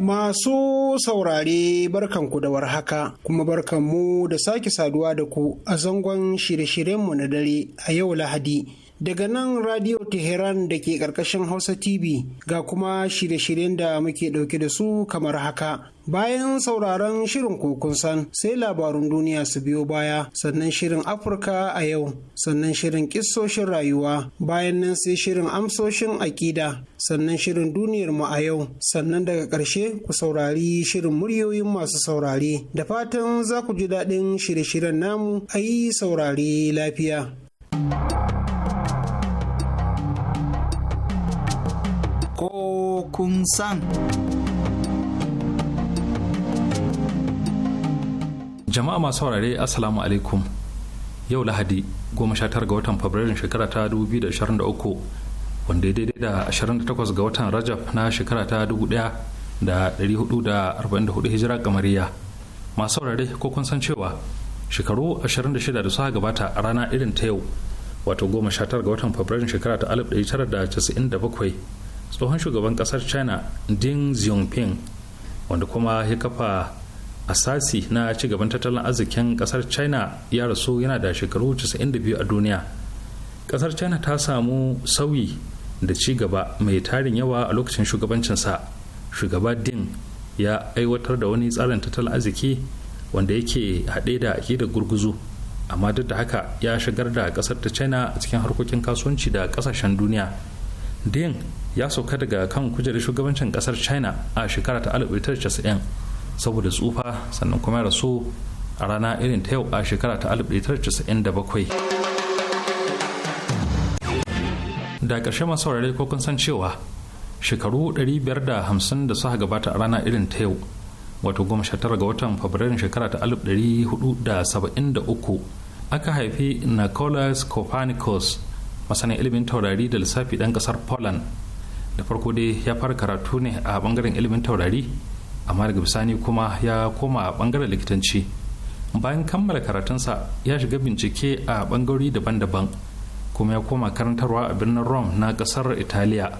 Masu saurare barkanku da warhaka kuma barkanmu da sake saduwa da ku a zangon shirye-shiryenmu na dare a yau Lahadi. Daga nan Radio Teheran da ke ƙarƙashin Hausa TV ga kuma shirye-shiryen da muke ɗauke da su kamar haka. bayan sauraron shirin kokun san sai labarun duniya su biyo baya sannan shirin afirka a yau sannan shirin kissoshin rayuwa bayan nan sai shirin amsoshin akida sannan shirin duniyar mu a yau sannan daga ƙarshe ku saurari shirin muryoyin masu saurari da fatan za ku ji daɗin shirye-shiryen namu a yi saurari lafiya. Kokun san. jama'a masu saurare assalamu alaikum yau lahadi 19 ga watan fabrairun shekara ta 2023 wanda ya daidai da 28 ga watan rajab na shekara ta 1444 hijira kamariya masu saurare ko kun san cewa shekaru 26 da suka gabata a rana irin ta yau wato 19 ga watan fabrairun shekara ta 1997 tsohon shugaban kasar china ding xiaoping wanda kuma ya kafa a sasi na ci gaban tattalin arzikin kasar china ya rasu yana da shekaru 92 a duniya kasar china ta samu sauyi da ci gaba mai tarin yawa a lokacin shugabancinsa shugaba din ya aiwatar da wani tsarin tattalin arziki wanda yake haɗe da da gurguzu amma duk da haka ya shigar da kasar ta china a cikin harkokin kasuwanci da kasashen duniya din ya sauka daga kan kujerar shugabancin kasar china a shekara ta 1990 saboda tsufa sannan kuma ya rasu a rana irin ta yau a shekara ta 1997 da ƙarshe masu saurare ko kun san cewa shekaru 550 da suka gabata a rana irin ta yau wato 19 ga watan fabrairun shekara ta 1473 aka haifi nicholas copernicus masanin ilimin taurari da lissafi ɗan ƙasar poland da farko dai ya fara karatu ne a bangaren ilimin taurari amma daga bisani kuma ya koma a bangaren likitanci bayan kammala karatunsa ya shiga bincike a bangarori daban-daban kuma ya koma karantarwa a birnin rome na kasar italiya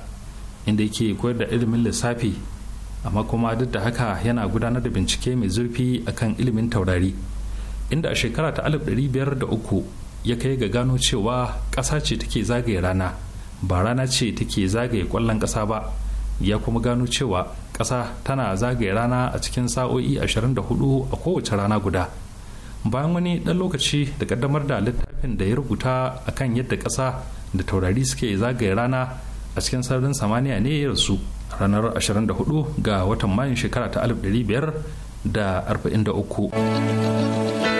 inda yake koyar da ilimin lissafi amma kuma duk da haka yana gudanar da bincike mai zurfi akan ilimin taurari inda a shekara ta alif biyar da uku ya kai ga gano cewa ƙasa ce take zagaye rana ba rana ce take zagaye ƙwallon ƙasa ba ya kuma gano cewa ƙasa tana zagaye rana a cikin sa'o'i 24 a kowace rana guda bayan wani ɗan lokaci da ƙaddamar da littafin da ya rubuta akan yadda ƙasa da taurari suke zagaye rana a cikin sararin samaniya ne ya rasu ranar 24 ga watan mayun shekara ta 1543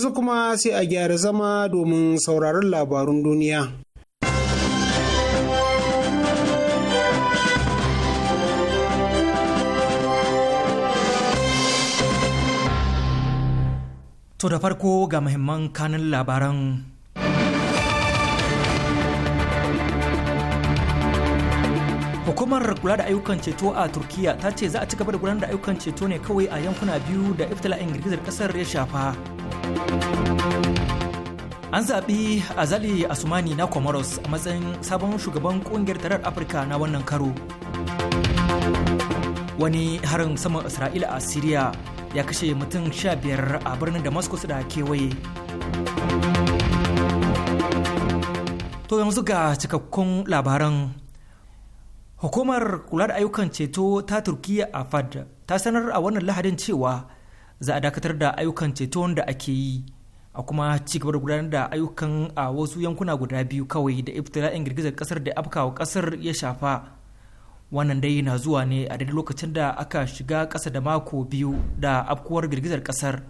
yanzu kuma sai a gyara zama domin sauraron labarun duniya. To da farko ga muhimman kanin labaran Hukumar kula da ayyukan ceto a Turkiya ta ce za a ci gaba da gudanar da ayyukan ceto ne kawai a yankuna biyu da iftila'in girgizar kasar ya shafa. An zaɓi Azali Asumani na Comoros a matsayin sabon shugaban ƙungiyar tarar Afirka na wannan karo. Wani harin saman Isra'ila a Siriya ya kashe mutum sha biyar a birnin Damascus da kewaye. To yanzu ga cikakkun labaran hukumar kula da ayyukan ceto ta turkiyya a fad ta sanar a wannan lahadin cewa za a dakatar da ayyukan ceto da ake yi a kuma ci gaba da gudanar da ayyukan a wasu yankuna guda biyu kawai da iftila'in girgizar kasar da afkawa kasar ya shafa wannan dai na zuwa ne a daidai lokacin da aka shiga kasa da mako biyu da afkuwar girgizar kasar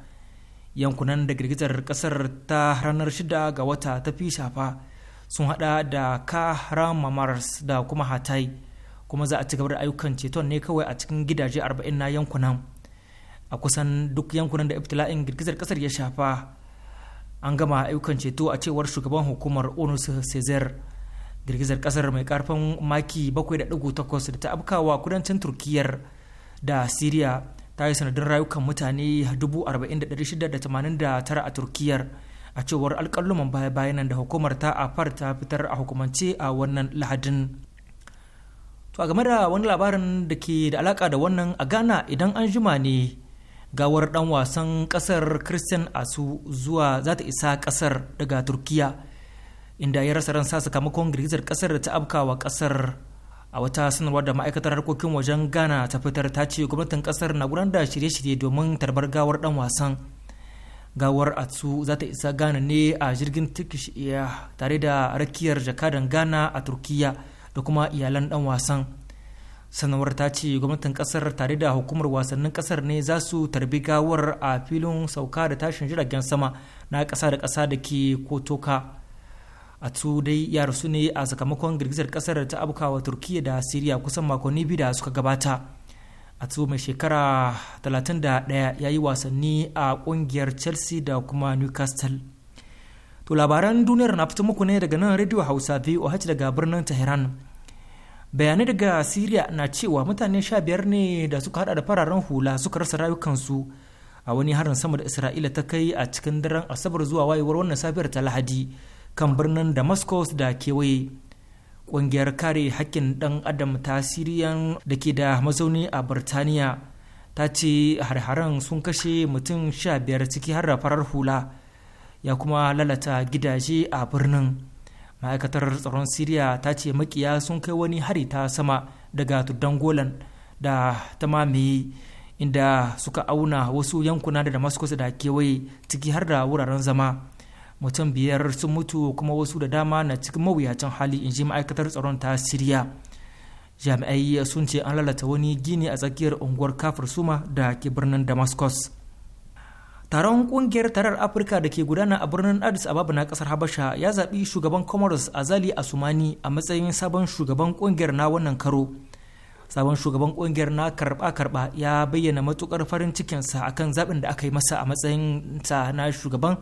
yankunan da girgizar kasar ta ranar shida ga wata ta fi shafa sun hada da ka mars da kuma hatai. kuma za a ci gaba da ayyukan ceton ne kawai a cikin gidaje 40 na yankunan a kusan duk yankunan da iftila'in girgizar kasar ya shafa an gama ayyukan ceto a cewar shugaban hukumar onus cesar girgizar kasar mai karfin maki 7.8 da ta afkawa kudancin turkiyar da siriya ta yi sanadin rayukan mutane 40,689 a turkiyar a cewar alkaluman baya-bayanan da hukumar ta afar ta fitar a hukumance a wannan lahadin To a game da wani labarin da ke da alaka da wannan a Ghana idan an jima ne gawar dan wasan kasar Christian Asu zuwa za ta isa kasar daga Turkiya inda ya rasa ransa sakamakon girgizar kasar da ta afkawa kasar a wata sanarwar da ma'aikatar harkokin wajen Ghana ta fitar ta ce gwamnatin kasar na gudanar da shirye-shirye domin tarbar gawar dan wasan gawar Atsu za ta isa Ghana ne a jirgin Turkish tare da rakiyar jakadan Ghana a Turkiya. da kuma iyalan dan wasan sanawar ta ce gwamnatin kasar tare da hukumar wasannin kasar ne za su tarbi gawar a filin sauka da tashin jiragen sama na kasa da kasa da ke kotoka a tu dai ya rasu ne a sakamakon girgizar kasar ta abukawa turkiya da siriya kusan makonni biyu da suka gabata a tu mai shekara 31 ya yi wasanni a kungiyar chelsea da kuma newcastle To labaran duniyar na fito muku ne daga nan Radio Hausa VOH daga birnin Tehran. Bayanai daga Siriya na cewa mutane sha biyar ne da suka hada da fararen hula suka rasa rayukansu a wani harin sama da Isra'ila ta kai a cikin daren Asabar zuwa wayewar wannan safiyar ta Lahadi kan birnin Damascus da kewaye. Ƙungiyar kare hakkin ɗan adam ta Siriyan da ke da mazauni a Birtaniya ta ce har-haren sun kashe mutum sha biyar ciki har da farar hula. ya kuma lalata gidaje a birnin ma'aikatar tsaron siriya ta ce makiya sun kai wani hari ta sama daga tuddan golan da ta mamaye inda suka auna wasu yankuna da damascus da kewaye ciki har da wuraren zama mutum biyar sun mutu kuma wasu da dama na cikin mawuyacin hali in ji ma'aikatar tsaron ta siriya jami'ai sun ce an lalata wani gini a tsakiyar unguwar kafir suma da ke birnin damascus taron kungiyar tarar afirka da ke gudana a birnin addis ababa na kasar habasha ya zaɓi shugaban comoros azali asumani a matsayin sabon shugaban kungiyar na wannan karo sabon shugaban kungiyar na karba karba ya bayyana matukar farin cikinsa akan zaɓin da aka yi masa a matsayin ta na shugaban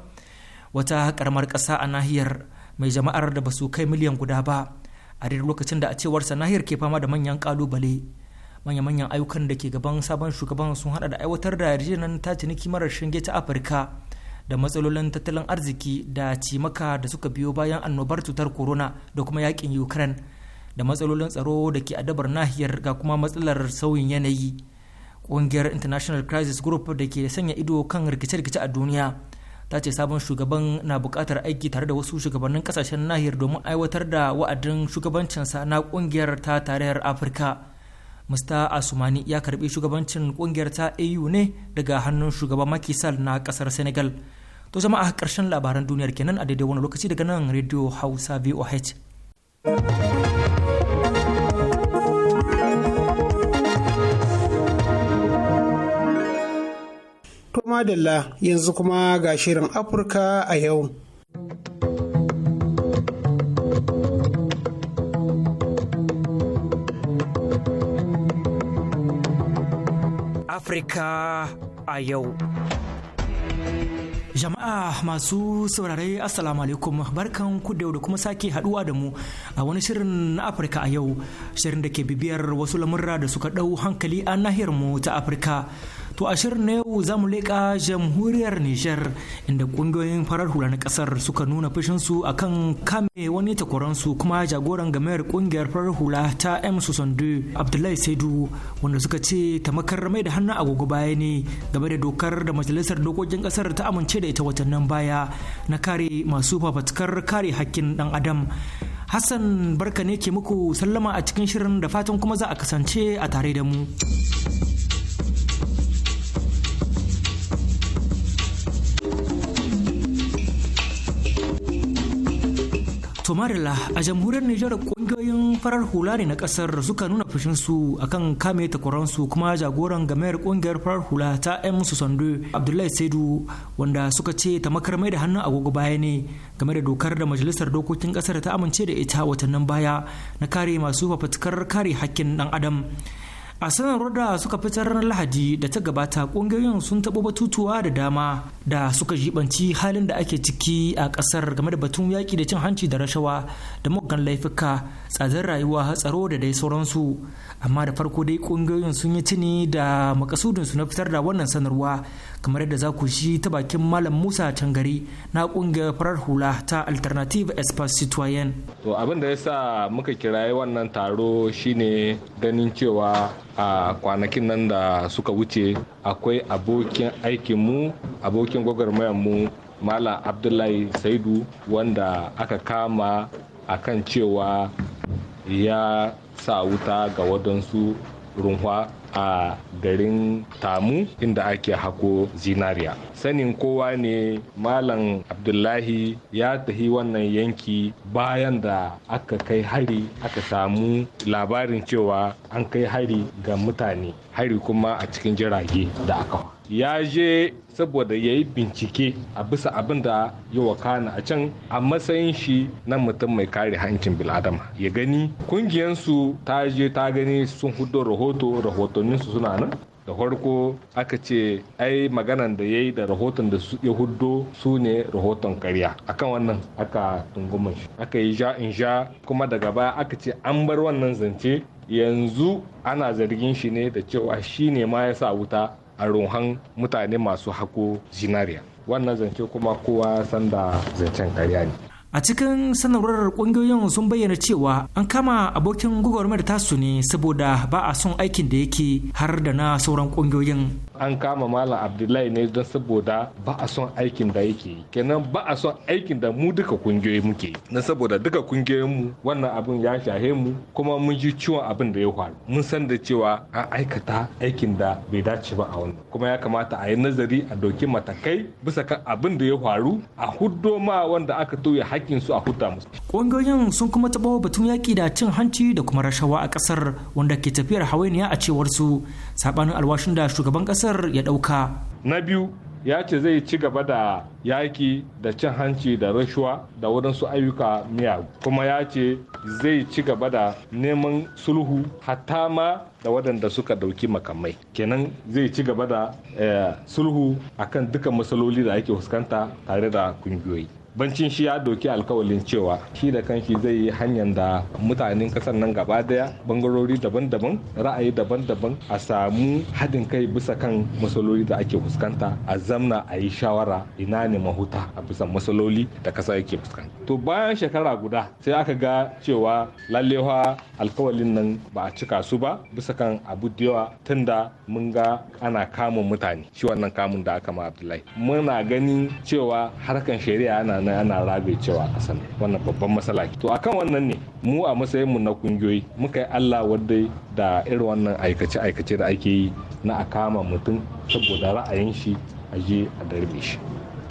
wata karamar ƙasa a nahiyar mai jama'ar da basu kai miliyan guda ba a daidai lokacin da a cewarsa nahiyar ke fama da manyan ƙalubale manya-manyan ayyukan da ke gaban sabon shugaban sun hada da aiwatar da yarjejeniyar ta ciniki marar shinge ta afirka da matsalolin tattalin arziki da cimaka da suka biyo bayan annobar cutar corona da kuma yakin ukraine da matsalolin tsaro da ke adabar nahiyar ga kuma matsalar sauyin yanayi ƙungiyar international crisis group da ke sanya ido kan rikice-rikice a duniya ta ce sabon shugaban na buƙatar aiki tare da wasu shugabannin kasashen nahiyar domin aiwatar da wa'adin shugabancinsa na ƙungiyar ta tarayyar afirka Mr. Asumani ya karbi shugabancin kungiyar ta AU ne daga hannun shugaban Macky na kasar Senegal. To zama a karshen labaran duniyar kenan a daidai wani lokaci daga nan Radio Hausa VOH. To madalla yanzu kuma ga shirin Afirka a yau. Afirka a yau. Jama'a masu saurare Assalamu alaikum barkan ku da da kuma sake haduwa da mu a wani shirin na Afirka a yau shirin da ke bibiyar wasu lamurra da suka ɗau hankali a nahiyar mu ta Afirka. To a shirin na yau za mu leƙa jamhuriyar Nijar inda ƙungiyoyin farar hula na ƙasar suka nuna fushinsu a kan kame wani takwaransu kuma jagoran gamayar ƙungiyar farar hula ta M. Susandu Abdullahi Saidu wanda suka ce tamakar mai da hannu agogo baya ne game da dokar da majalisar dokokin ƙasar ta amince da ita watannin baya na kare masu fafatkar kare hakkin ɗan adam. Hassan barka ne ke muku sallama a cikin shirin da fatan kuma za a kasance a tare da mu. To Marila a jamhuriyar Nijar kungiyoyin farar hula ne na kasar suka nuna fushinsu akan kame takwaransu kuma jagoran gamayar kungiyar farar hula ta M Sando Abdullahi Saidu wanda suka ce ta mai da hannun agogo baya ne game da dokar da majalisar dokokin kasar ta amince da ita watannin baya na kare masu fafatukar kare hakkin ɗan adam. a sanarwar da suka fitar ranar lahadi da ta gabata kungiyoyin sun taɓo batutuwa da dama da suka jibanci halin da ake ciki a ƙasar game da batun yaƙi da cin hanci da rashawa da muggan laifuka tsadar rayuwa tsaro da dai sauransu amma da farko dai kungiyoyin sun yi tuni da makasudin su na fitar da wannan sanarwa kamar yadda za ku shi ta bakin malam musa tangari na kungiyar farar hula ta alternative espace citoyen to abin da ya sa muka kirayi wannan taro shine ganin cewa a kwanakin nan da suka wuce akwai abokin aikinmu abokin gwagwarmayarmu Malam Abdullahi Saidu wanda aka kama akan cewa ya sa wuta ga waɗansu runwa a garin tamu inda ake hako zinariya sanin kowa ne malam abdullahi ya tahi wannan yanki bayan da aka kai hari aka samu labarin cewa an kai hari ga mutane hari kuma a cikin jirage da aka ya je saboda ya yi bincike a bisa abin da ya wakana a can a matsayin shi na mutum mai kare hancin biladama ya gani kungiyansu ta je ta gani sun hudo rahoto rahotanninsu suna nan da farko aka ce ai maganan da ya yi da rahoton da ya hudo su ne rahoton karya akan wannan aka tungumin shi aka yi ja in ja kuma daga baya aka ce an bar wannan zance yanzu ana zargin shi ne da cewa shi ne ma ya sa wuta a rohan mutane masu hako zinariya wannan zance kuma kowa sanda zancen karya ne a cikin sanarwar kungiyoyin sun bayyana cewa an kama abokin gwagwarmar tasu ne saboda ba a son aikin da yake har da na sauran kungiyoyin an kama malam abdullahi ne don saboda ba a son aikin da yake yi kenan ba a son aikin da mu duka kungiyoyi muke na saboda duka kungiyoyin mu wannan abin ya shahe mu kuma mun ji ciwon abin da ya faru mun san da cewa an aikata aikin da bai dace ba a wannan kuma ya kamata a yi nazari a doki matakai bisa kan abin da ya faru a huddo ma wanda aka toye hakkin su a huta musu kungiyoyin sun kuma taba batun yaƙi da cin hanci da kuma rashawa a ƙasar wanda ke tafiyar hawainiya a cewar su sabanin alwashin da shugaban kasar ya dauka na biyu ya ce zai ci gaba da yaki da cin hanci da rashuwa da waɗansu ayyuka miya kuma ya ce zai ci gaba da neman sulhu hatta ma da waɗanda suka ɗauki makamai kenan zai ci gaba da eh, sulhu akan duka matsaloli da ake fuskanta tare da kungiyoyi bancin shi ya doki alkawalin cewa shi da kanshi zai yi hanyar da mutanen kasar nan gaba daya bangarori daban-daban ra'ayi daban-daban a samu haɗin kai bisa kan matsaloli da ake fuskanta a zamna a yi shawara ina ne mahuta a bisa matsaloli da kasa yake fuskanta to bayan shekara guda sai aka ga cewa lallewa alkawalin nan ba a cika su ba bisa kan abu da yawa tunda mun ga ana kamun mutane shi wannan kamun da aka ma abdullahi muna ganin cewa harkan shari'a yana nan yana rabe cewa a ƙasar wannan babban matsala to akan wannan ne mu a matsayin mu na kungiyoyi muka yi Allah wadda da irin wannan aikace aikace da ake yi na a kama mutum saboda ra'ayin shi a je a darbe shi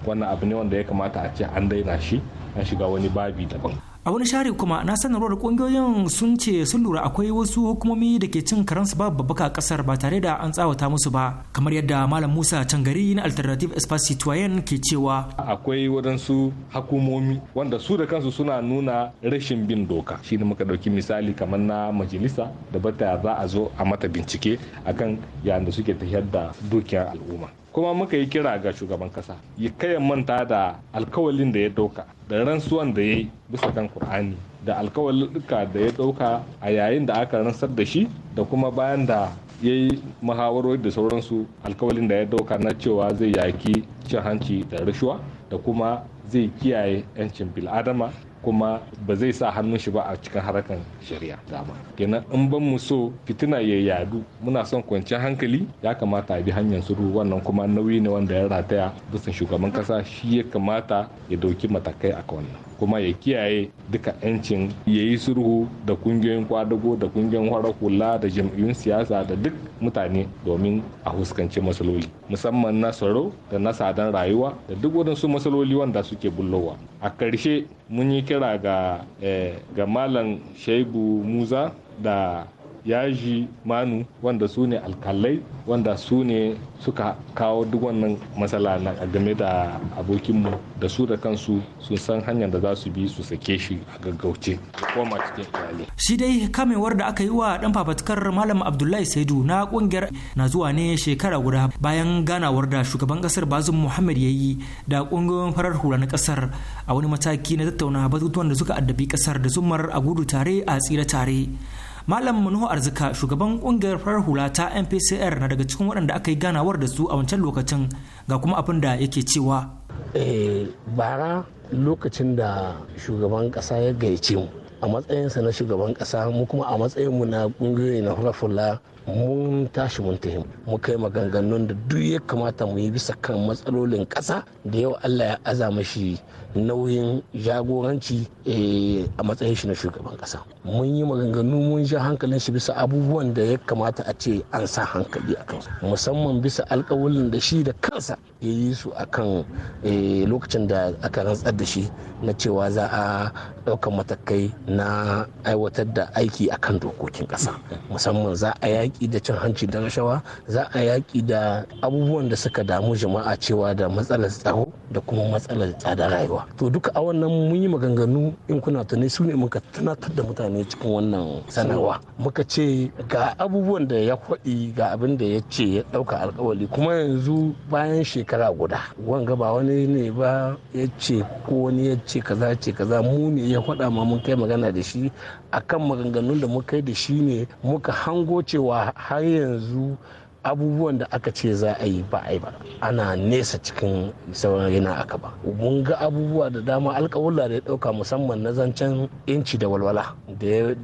wannan abu ne wanda ya kamata a ce an daina shi an shiga wani babi daban a wani share kuma na sanarwar kungiyoyin sun ce sun lura akwai wasu hukumomi da ke cin karansu babu babbaka a kasar ba tare da an tsawata musu ba kamar yadda malam musa cangari na alternative espace citoyen ke cewa akwai wadansu hukumomi wanda su da kansu suna nuna rashin bin doka shi ne muka ɗauki misali kamar na majalisa da bata za a zo a mata bincike akan yadda suke tafiyar da dukiyar al'umma kuma muka yi kira ga shugaban kasa ya kayan manta da alkawalin da ya dauka da ransuwan da ya yi bisa kan kur'ani da alkawalluka da ya dauka a yayin da aka rantsar da shi da kuma bayan da ya yi muhawarori da sauransu alkawalin da ya dauka na cewa zai yaki cin hanci da rashuwa da kuma zai kiyaye 'yancin bil'adama kuma ba zai sa hannun shi ba a cikin harakan shari'a dama kenan in ban mu so fitina ya yadu muna son kwanciyar hankali ya kamata a bi hanyar suru wannan kuma nauyi ne wanda ya rataya bisan shugaban kasa shi ya kamata ya dauki matakai a wannan kuma ya kiyaye duka 'yancin ya yi sulhu da kungiyoyin kwadago da kungiyoyin hula da jam'iyyun siyasa da duk mutane domin a huskanci matsaloli musamman na tsaro da na sadan rayuwa da duk wadansu matsaloli wanda suke bullowa a ƙarshe mun yi kira ga eh, malam shaibu muza da yaji manu wanda su ne alkalai wanda su ne suka kawo duk wannan matsala na game da abokinmu da su da kansu sun san hanyar da za su bi su sake shi a gaggauce koma cikin iyali shi dai kamewar da aka yi wa dan fafatkar malam abdullahi saidu na kungiyar na zuwa ne shekara guda bayan ganawar da shugaban kasar bazum muhammad ya yi da kungiyoyin farar hula na kasar a wani mataki na tattauna batutuwan da suka addabi kasar da zumar a gudu tare a tsira tare malam manuhu arzika shugaban kungiyar farar hula ta mpcr na daga cikin waɗanda aka yi ganawar da su a wancan lokacin ga kuma abin da yake cewa eh, bara lokacin da shugaban ƙasa ya gaice mu a matsayinsa na shugaban ƙasa mu kuma a matsayinmu na ƙungiyoyi na hula mun tashi mun tafi mu kai maganganun da duk ya kamata mu yi bisa kan matsalolin ƙasa da yau Allah ya aza mashi nauyin jagoranci eh, a matsayin shi na shugaban ƙasa mun yi maganganu mun sha hankalin shi bisa abubuwan da ya kamata a ce an sa hankali a kansu musamman bisa alƙawulin da shi da kansa ya yi su a kan eh, lokacin da aka rantsar da shi na cewa za a ɗaukan matakai na aiwatar da aiki a kan dokokin ƙasa musamman za a yaƙi yaƙi da cin hanci da rashawa za a yaƙi da abubuwan da suka damu jama'a cewa da matsalar tsaro da kuma matsalar tsada rayuwa to duka a wannan mun yi maganganu in kuna tunai su ne muka tunatar da mutane cikin wannan sanarwa muka ce ga abubuwan da ya kwaɗi ga abin da ya ce ya ɗauka alkawali kuma yanzu bayan shekara guda wanga ba wani ne ba ya ce ko wani ya ce kaza ce kaza mu ne ya faɗa ma mun kai magana da shi akan maganganun da muka yi da shi ne muka hango cewa har yanzu abubuwan da aka ce za a yi ba a yi ba ana nesa cikin sauran yana aka ba mun ga abubuwa da dama alkawulla da ya dauka musamman na zancen inci da walwala da ya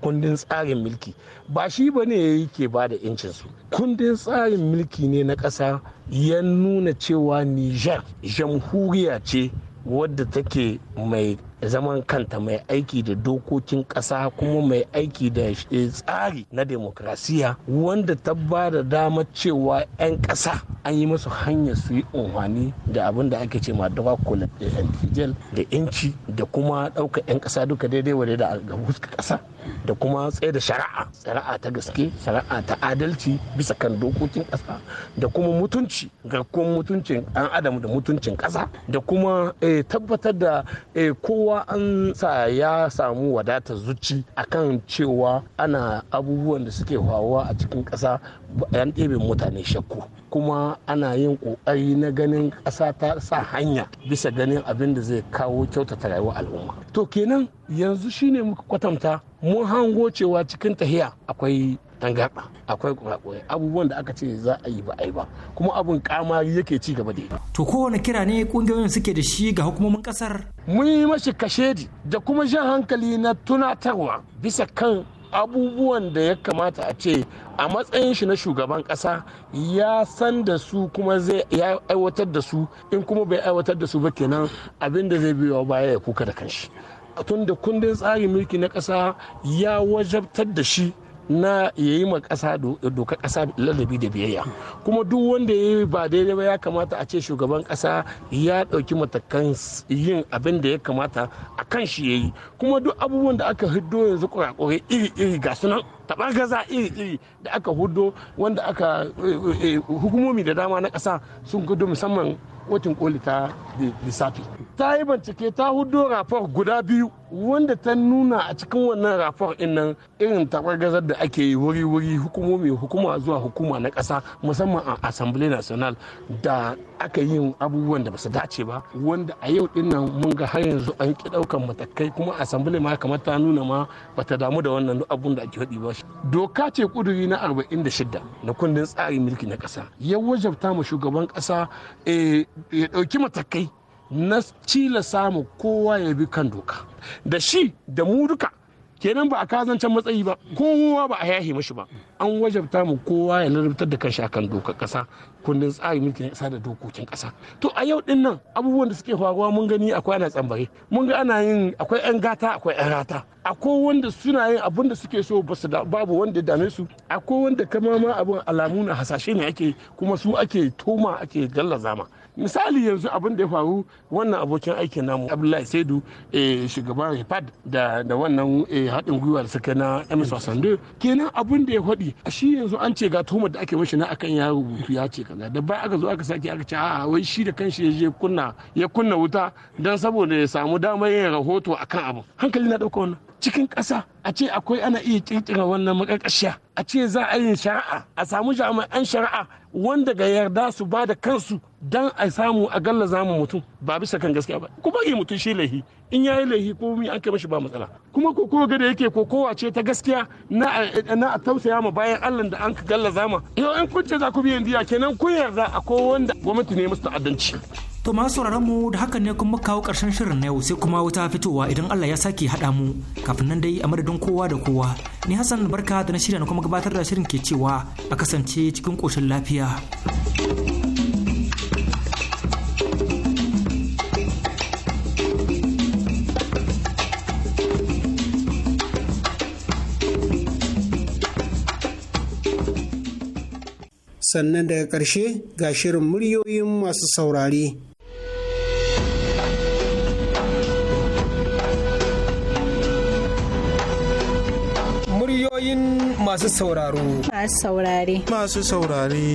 kundin tsarin mulki ba shi ba ne yake ba da su kundin tsarin mulki ne na ƙasa ya nuna cewa niger jamhuriya ce wadda take mai zaman kanta mai aiki da dokokin ƙasa kuma mai aiki da eh, tsari na demokrasiya wanda ta ba da damar cewa 'yan ƙasa an yi masu hanyar su yi unhani da abin da ake ce ma kula eh, da da inci da kuma ɗaukar 'yan ƙasa duka daidai wa da ga ƙasa da kuma tsaye da shari'a shari'a ta gaske shari'a ta adalci bisa kan dokokin ƙasa da kuma mutunci garkuwar mutuncin ɗan adam da mutuncin ƙasa da kuma eh, tabbatar da kowa kowa an sa ya samu wadata zuci akan cewa ana abubuwan da suke faruwa a cikin ƙasa yan ɗebe mutane shakku kuma ana yin ƙoƙari na ganin ƙasa ta sa hanya bisa ganin abin da zai kawo kyautata rayuwar al'umma to kenan yanzu shine muka kwatanta mun hango cewa cikin tahiya akwai tangarɗa akwai kurakurai abubuwan da aka ce za a yi ba a yi ba kuma abin kamari yake ci gaba da to kowane kira ne kungiyoyin suke da shi ga hukumomin kasar mun yi mashi kashedi da kuma jan hankali na tunatarwa bisa kan abubuwan da ya kamata a ce a matsayin shi na shugaban kasa ya san da su kuma zai ya aiwatar da su in kuma bai aiwatar da su ba kenan abin da zai biyo baya ya kuka da kanshi tun da kundin tsarin mulki na kasa ya wajabtar da shi na yayi ma ƙasa doka ƙasa ladabi da biyayya kuma duk wanda ya yi ba daidai ba ya kamata a ce shugaban ƙasa ya ɗauki matakan yin abin da ya kamata a kan shi ya yi kuma duk abubuwan da aka hiddo yanzu kurakurai iri-iri ga sunan tabargaza iri-iri da aka hudo wanda aka eh, eh, eh, hukumomi da dama na ƙasa sun gudu musamman watan koli ta lissafi ta yi bincike ta hudo rafor guda biyu wanda ta nuna a cikin wannan rafor din nan irin tabargazar da ake yi wuri-wuri hukumomi hukuma zuwa hukuma na ƙasa musamman a assembly national da aka yi abubuwan da ba su dace ba wanda a yau din mun ga har yanzu an ki daukan matakai kuma assembly ma kamar ta nuna ma bata damu da wannan abun da ake faɗi ba doka ce kuduri na 46 na kundin tsarin mulki na kasa ya wajabta ma shugaban kasa eh, ya dauki matakai na cila samu kowa ya bi kan doka da shi da mu duka kenan ba a kazancan matsayi ba kowa ba a yahe mashi ba an wajabta mu kowa ya larabtar da kanshi akan dokar kasa kundin tsari mulkin kasa da dokokin kasa to a yau din nan abubuwan da suke faruwa mun gani akwai ana tsambare mun ga ana yin akwai yan gata akwai yan rata akwai wanda suna yin abin da suke so basu da babu wanda dame su akwai wanda kama ma abin alamu na hasashe ne ake kuma su ake toma ake gallaza zama. misali yanzu abin da ya faru wannan abokin aikin namu abdullahi saidu eh, shugaban ripad da da wannan eh, haɗin gwiwar suka na ms wasandu kenan abin da ya faɗi a shi yanzu an ce ga tuhumar da ake mashi na akan ya rubutu ya ce kaza da bayan aka zo aka sake aka ce a wai shi da kanshi ya je kunna ya kunna wuta don saboda ya samu damar yin rahoto akan abu hankali na ɗauka wannan cikin ƙasa a ce akwai ana iya kirkira wannan makarƙashiya a ce za a yi shari'a a samu jami'an shari'a wanda ga yarda su ba da kansu don a samu a galla zamu mutum ba bisa kan gaskiya ba kuma yi mutum shi laihi in ya yi laihi ko mi an kai mashi ba matsala kuma ko kowa da yake ko kowa ce ta gaskiya na na a tausaya ma bayan Allah da an ka galla zama yau in kun ce za ku biyan diya kenan kun yarda a ko wanda gwamnati ne musu ta'addanci To masu sauraron mu da hakan ne kuma kawo karshen shirin na yau sai kuma wuta fitowa idan Allah ya sake haɗa mu kafin nan dai a madadin kowa da kowa. Ni Hassan barka da na shirya na kuma gabatar da shirin ke cewa a kasance cikin koshin lafiya. Sannan daga ƙarshe ga shirin muryoyin masu saurari. Ra'ayoyin masu sauraro. Masu saurare. Masu saurare.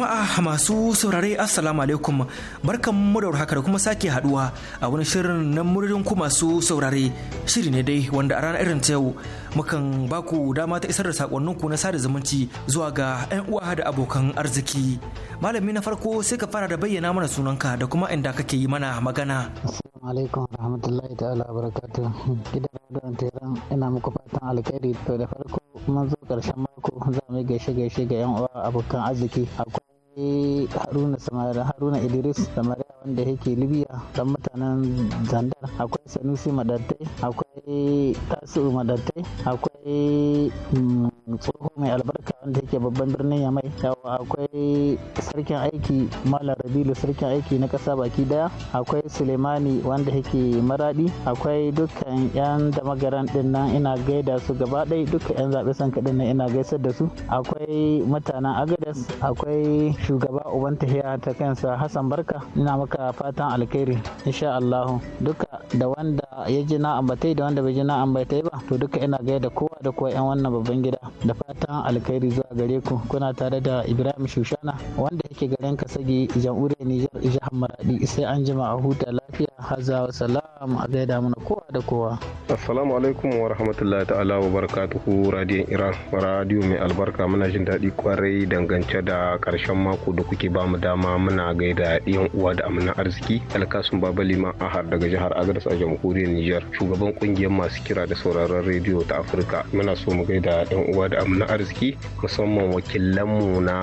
Jama'a masu saurare Assalamu alaikum barkan mu da warhaka da kuma sake haduwa a wani shirin na muririn ku masu saurare shiri ne dai wanda a ranar irin ta yau mukan baku dama ta isar da sakonnin ku na sada zumunci zuwa ga 'yan uwa da abokan arziki. Malami na farko sai ka fara da bayyana mana sunanka da kuma inda kake yi mana magana. alaikum rahmatullahi ta'ala barakatuh gidan radon teran ina muku fatan alkhairi to da farko mun zo karshen mako za mu gaishe gaishe ga yan uwa abokan arziki akwai haruna samari haruna idris wanda yake libya dan mutanen zandar akwai sanusi madattai akwai akwai tasu madattai akwai mm, tsoho mai albarka wanda yake babban birnin yamai yawa akwai sarkin aiki malam rabilu sarkin aiki na kasa baki daya akwai sulemani wanda yake maradi akwai dukkan yan damagaran din nan ina gaida su gaba ɗaya dukkan yan zaɓe san kaɗin nan ina gaisar da su akwai mutanen agadas akwai shugaba uban tahiya ta kansa hassan barka ina maka fatan alkhairi insha allahu duka da wanda ya ji na ambatai da wanda bai ji na baita ba to duka ina gaida kowa da kowa yan wannan babban gida da fatan alkhairi zuwa gare ku kuna tare da Ibrahim Shushana wanda yake garin Kasagi jamhuriyar Nijar jihar Maradi sai an jima a huta lafiya hazawa salam a gaida mana kowa da kowa Assalamu alaikum wa rahmatullahi ta'ala wa barakatuhu radiyon Iran radiyo mai albarka muna jin daɗi kwarai dangance da karshen mako da kuke bamu dama muna gaida ɗiyan uwa da amana arziki Alkasun babalima a har daga jihar Agadez a jamhuriyar Nijar shugaban kungiyar masu kira da sauraron rediyo ta afirka muna so mu gaida yan uwa da amna arziki musamman wakilanmu na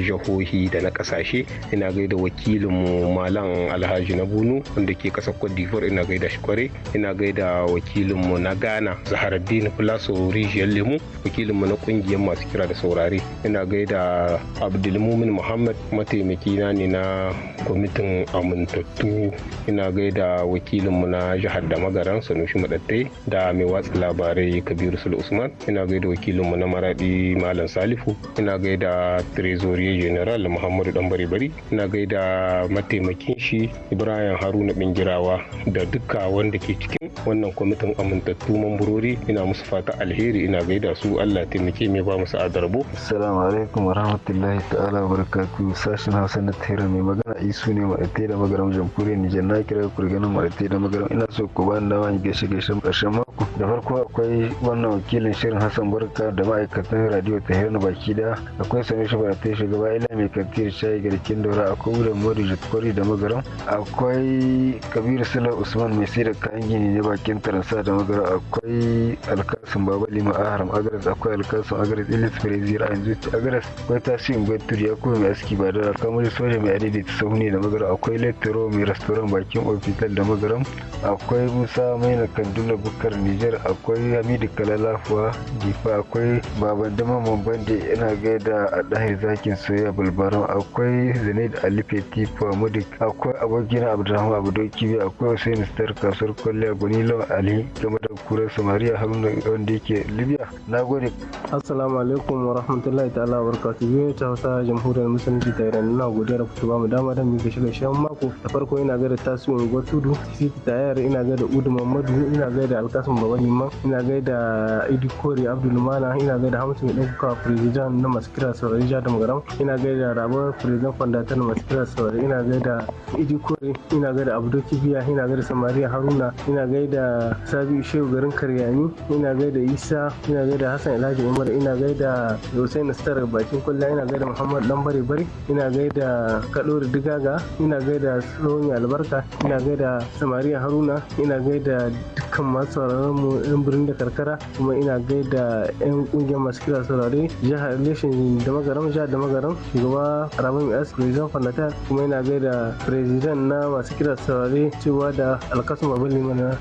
jihohi da na kasashe ina gaida wakilinmu malam alhaji na bunu wanda ke kasar cote d'ivoire ina gaida shi kware ina gaida wakilinmu na ghana zaharaddin plaso rijiyar lemu wakilinmu na kungiyar masu kira da saurare ina gaida abdulmumin muhammad mataimaki na ne na kwamitin amintattu ina gaida wakilinmu na jihar da magaran sanushi madatta maɗatai da mai watsa labarai kabiru sul usman ina gaida wakilinmu na maraɗi malam salifu ina gaida tresorier general muhammadu dan baribari ina gaida mataimakin shi ibrahim haruna bingirawa da duka wanda ke cikin wannan kwamitin amintattu mamburori ina musu fata alheri ina gaida su allah taimake mai ba musu adarbo assalamu alaikum warahmatullahi ta'ala barakatu sashen hausa na tera mai magana isu ne ma'aikata da magaram jamhuriyar nijar na kira ganin maɗatai da magaram ina so ku ba ni dama in gaishe gaishe ƙarshen mako da farko akwai wannan wakilin shirin hassan barka da ma'aikatan radio ta hirar baki da akwai sami shi ta shugaba ila mai kantiyar shayi garkin daura akwai wurin mori jatkwari da magaram akwai kabir sula usman mai sai da kayan gini ne bakin taransa da magaram akwai alkasin baba lima aharam agaras akwai alkasin agaras ilis firizir a yanzu agaras akwai tasirin gwetur ya kuma mai aski ba da kamar soja mai adadi ta sauni da magaram akwai lettero mai rastoran bakin ofital da magaram akwai musa mai na kanduna Bello Bukar Nijar akwai Hamidu Kalalafuwa Difa akwai Baban Dama da ina gaida a ɗahir zakin soya bulbaro akwai zanid Ali Feti Famudik akwai abokina abdoki Abdokibi akwai Hussein Star kasuwar kwalliya Gwani Lawan Ali game da kurar Samariya Haruna wanda yake Libya na gode. Assalamu alaikum wa rahmatullahi ta'ala wa barakatuhu biyu ta hausa jamhuriyar musulunci ta Iran na godiya da kuma mu dama don mika shirye shan mako da farko ina gaida tasirin gwatudu Tudu, yara Tayar ina gaida Udu Mamadu ina gaida gaida alkasun baba liman ina gaida idi kori abdul mana ina gaida hamsin mai ɗauka firizidan na masu kira saurari ja da ina gaida rabuwar firizidan fandatan na masu kira saurari ina gaida idi kori ina gaida abdul kibiya ina gaida samariya haruna ina gaida sabi shehu garin karyani ina gaida isa ina gaida hassan ilaji umar ina gaida hussein star bakin kulla ina gaida muhammad dan bari bare ina gaida kadori digaga ina gaida tsohon albarka ina gaida samariya haruna ina gaida dukkan masu sauraron mu 'yan birnin da karkara kuma ina gaida 'yan kungiyar masu kira saurare jihar lishin da magaram jihar da magaram shugaba ramin s president fanatar kuma ina gaida president na masu kira saurare cewa da alkasum abin limana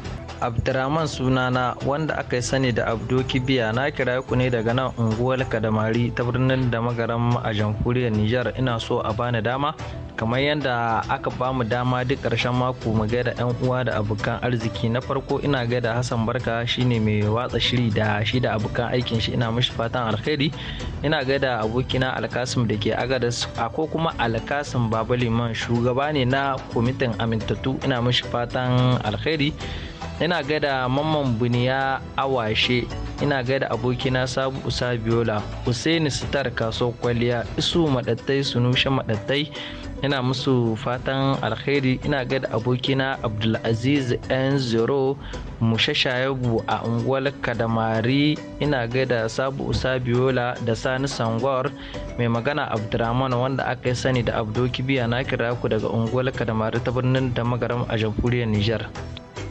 Abdurrahman sunana wanda aka sani da Abdo Kibiya na kira ku ne daga nan unguwar Kadamari ta birnin da magaram a jamhuriyar Nijar ina so a bani dama kamar yadda aka bamu dama duk ƙarshen mako mu gaida yan uwa da abokan arziki na farko ina gaida Hassan Barka shine mai watsa shiri da shi da abokan aikin shi ina mishi fatan alkhairi ina gaida abokina Alkasim da ke Agadas ko kuma Alkasim babaliman shugaba ne na kwamitin amintattu ina mishi fatan alkhairi ina gaida mamman buniya awashe ina gaida abokina sabu usa biola usaini sitar kaso kwaliya isu madattai sunushe madattai ina musu fatan alkhairi ina gaida abokina abdulaziz n zero mushashayabu a unguwar kadamari ina gaida sabu usa biola da sani sangwar mai magana abdurrahman wanda aka yi sani da abdoki biya na kira ku daga unguwar kadamari ta birnin da magaram a jamhuriyar nijar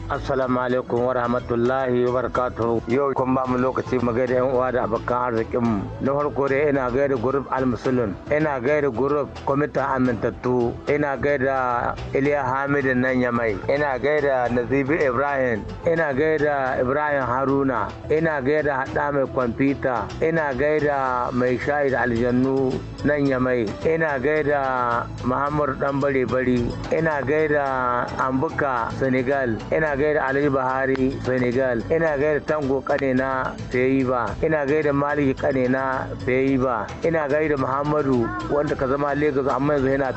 assalamu alaikum wa rahmatullahi wa barakatuhu yau kun ba mu lokaci mu gaida yan uwa da abokan arzikin mu na farko dai ina gaida group almusulun ina gaida group kwamitin amintattu ina gaida iliya hamidin nan yamai ina gaida nazibi ibrahim ina gaida ibrahim haruna ina gaida hada mai kwamfuta ina gaida mai shayi da aljannu nan yamai ina gaida muhammadu dan bare bari ina gaida ambuka senegal ina ina gaida alhaji bahari Benegal, ina gaida tango kane na ina gaida maliki kane na ina gaida muhammadu wanda ka zama lagos amma yanzu yana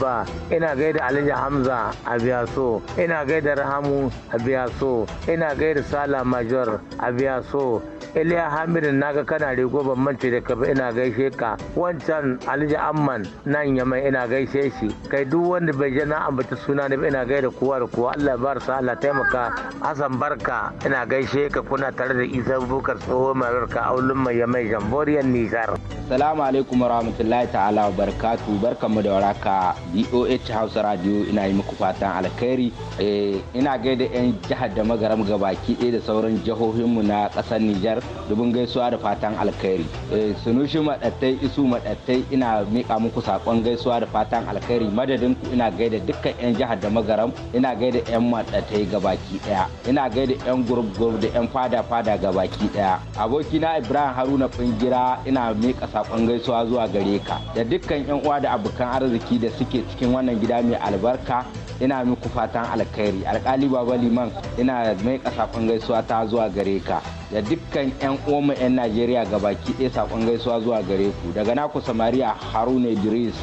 ba ina gaida alhaji hamza a biyaso ina gaida rahamu a biyaso ina gaida sala major a biyaso iliya hamidu naga kana rigo ban mance da ka ina gaishe ka wancan alhaji amman nan yamai ina gaishe shi kai duk wanda bai ja na ambata suna ne ina gaida kowa da kowa allah ya bar sa allah taimaka Hassan Barka ina gaishe ka kuna tare da Isa Bukar tsoho Mararka aulun mai mai jamboriyar Nijar. Salamu alaikum warahmatullahi ta'ala barkatu mu da waraka doh Hausa Radio ina yi muku fatan alkhairi eh, ina gaida 'yan jihar da magaram gabaki ɗaya da sauran jihohinmu na ƙasar Nijar dubin gaisuwa da fatan alkhairi. Eh, Sunushi maɗattai isu maɗattai ina miƙa muku saƙon gaisuwa da fatan alkhairi madadin ku ina gaida dukkan 'yan jihar da magaram ina gaida 'yan maɗattai gaba baki daya ina gaida yan gurub gurub da yan fada fada ga baki daya abokina ibrahim haruna kungira ina miƙa saƙon gaisuwa zuwa gare ka da dukkan yan uwa da abokan arziki da suke cikin wannan gida mai albarka ina muku fatan alkhairi alkali baba liman ina mai saƙon gaisuwa ta zuwa gare ka da dukkan 'yan uwa 'yan najeriya baki daya saƙon gaisuwa zuwa gare ku daga naku samaria haruna idris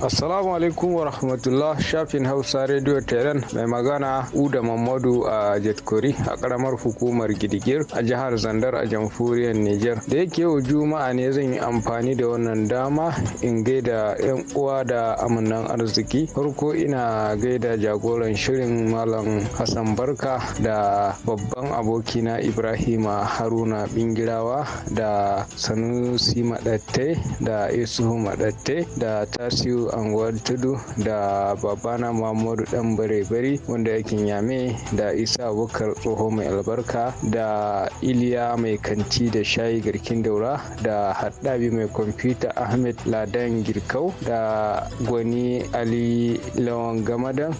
Assalamu alaikum wa rahmatullah shafin Hausa Radio Tehran mai magana Uda Mamadu a Jetkori a karamar hukumar Gidigir a jihar Zandar a jamhuriyar Niger. Da yake yau Juma'a ne zan yi amfani da wannan dama in gaida 'yan uwa da amannan arziki. Farko ina gaida jagoran shirin Malam Hassan Barka da babban abokina Ibrahima Haruna Bingirawa da Sanusi Madatte da Isuhu Madatte da Tasiu anguwar tudu da babana muhammadu dan bare bare wanda yake yame da isa bukar tsoho mai albarka da iliya mai kanti da shayi girkin daura da haddabi mai kwamfuta ahmed ladan girkau da gwani ali lawan gamadan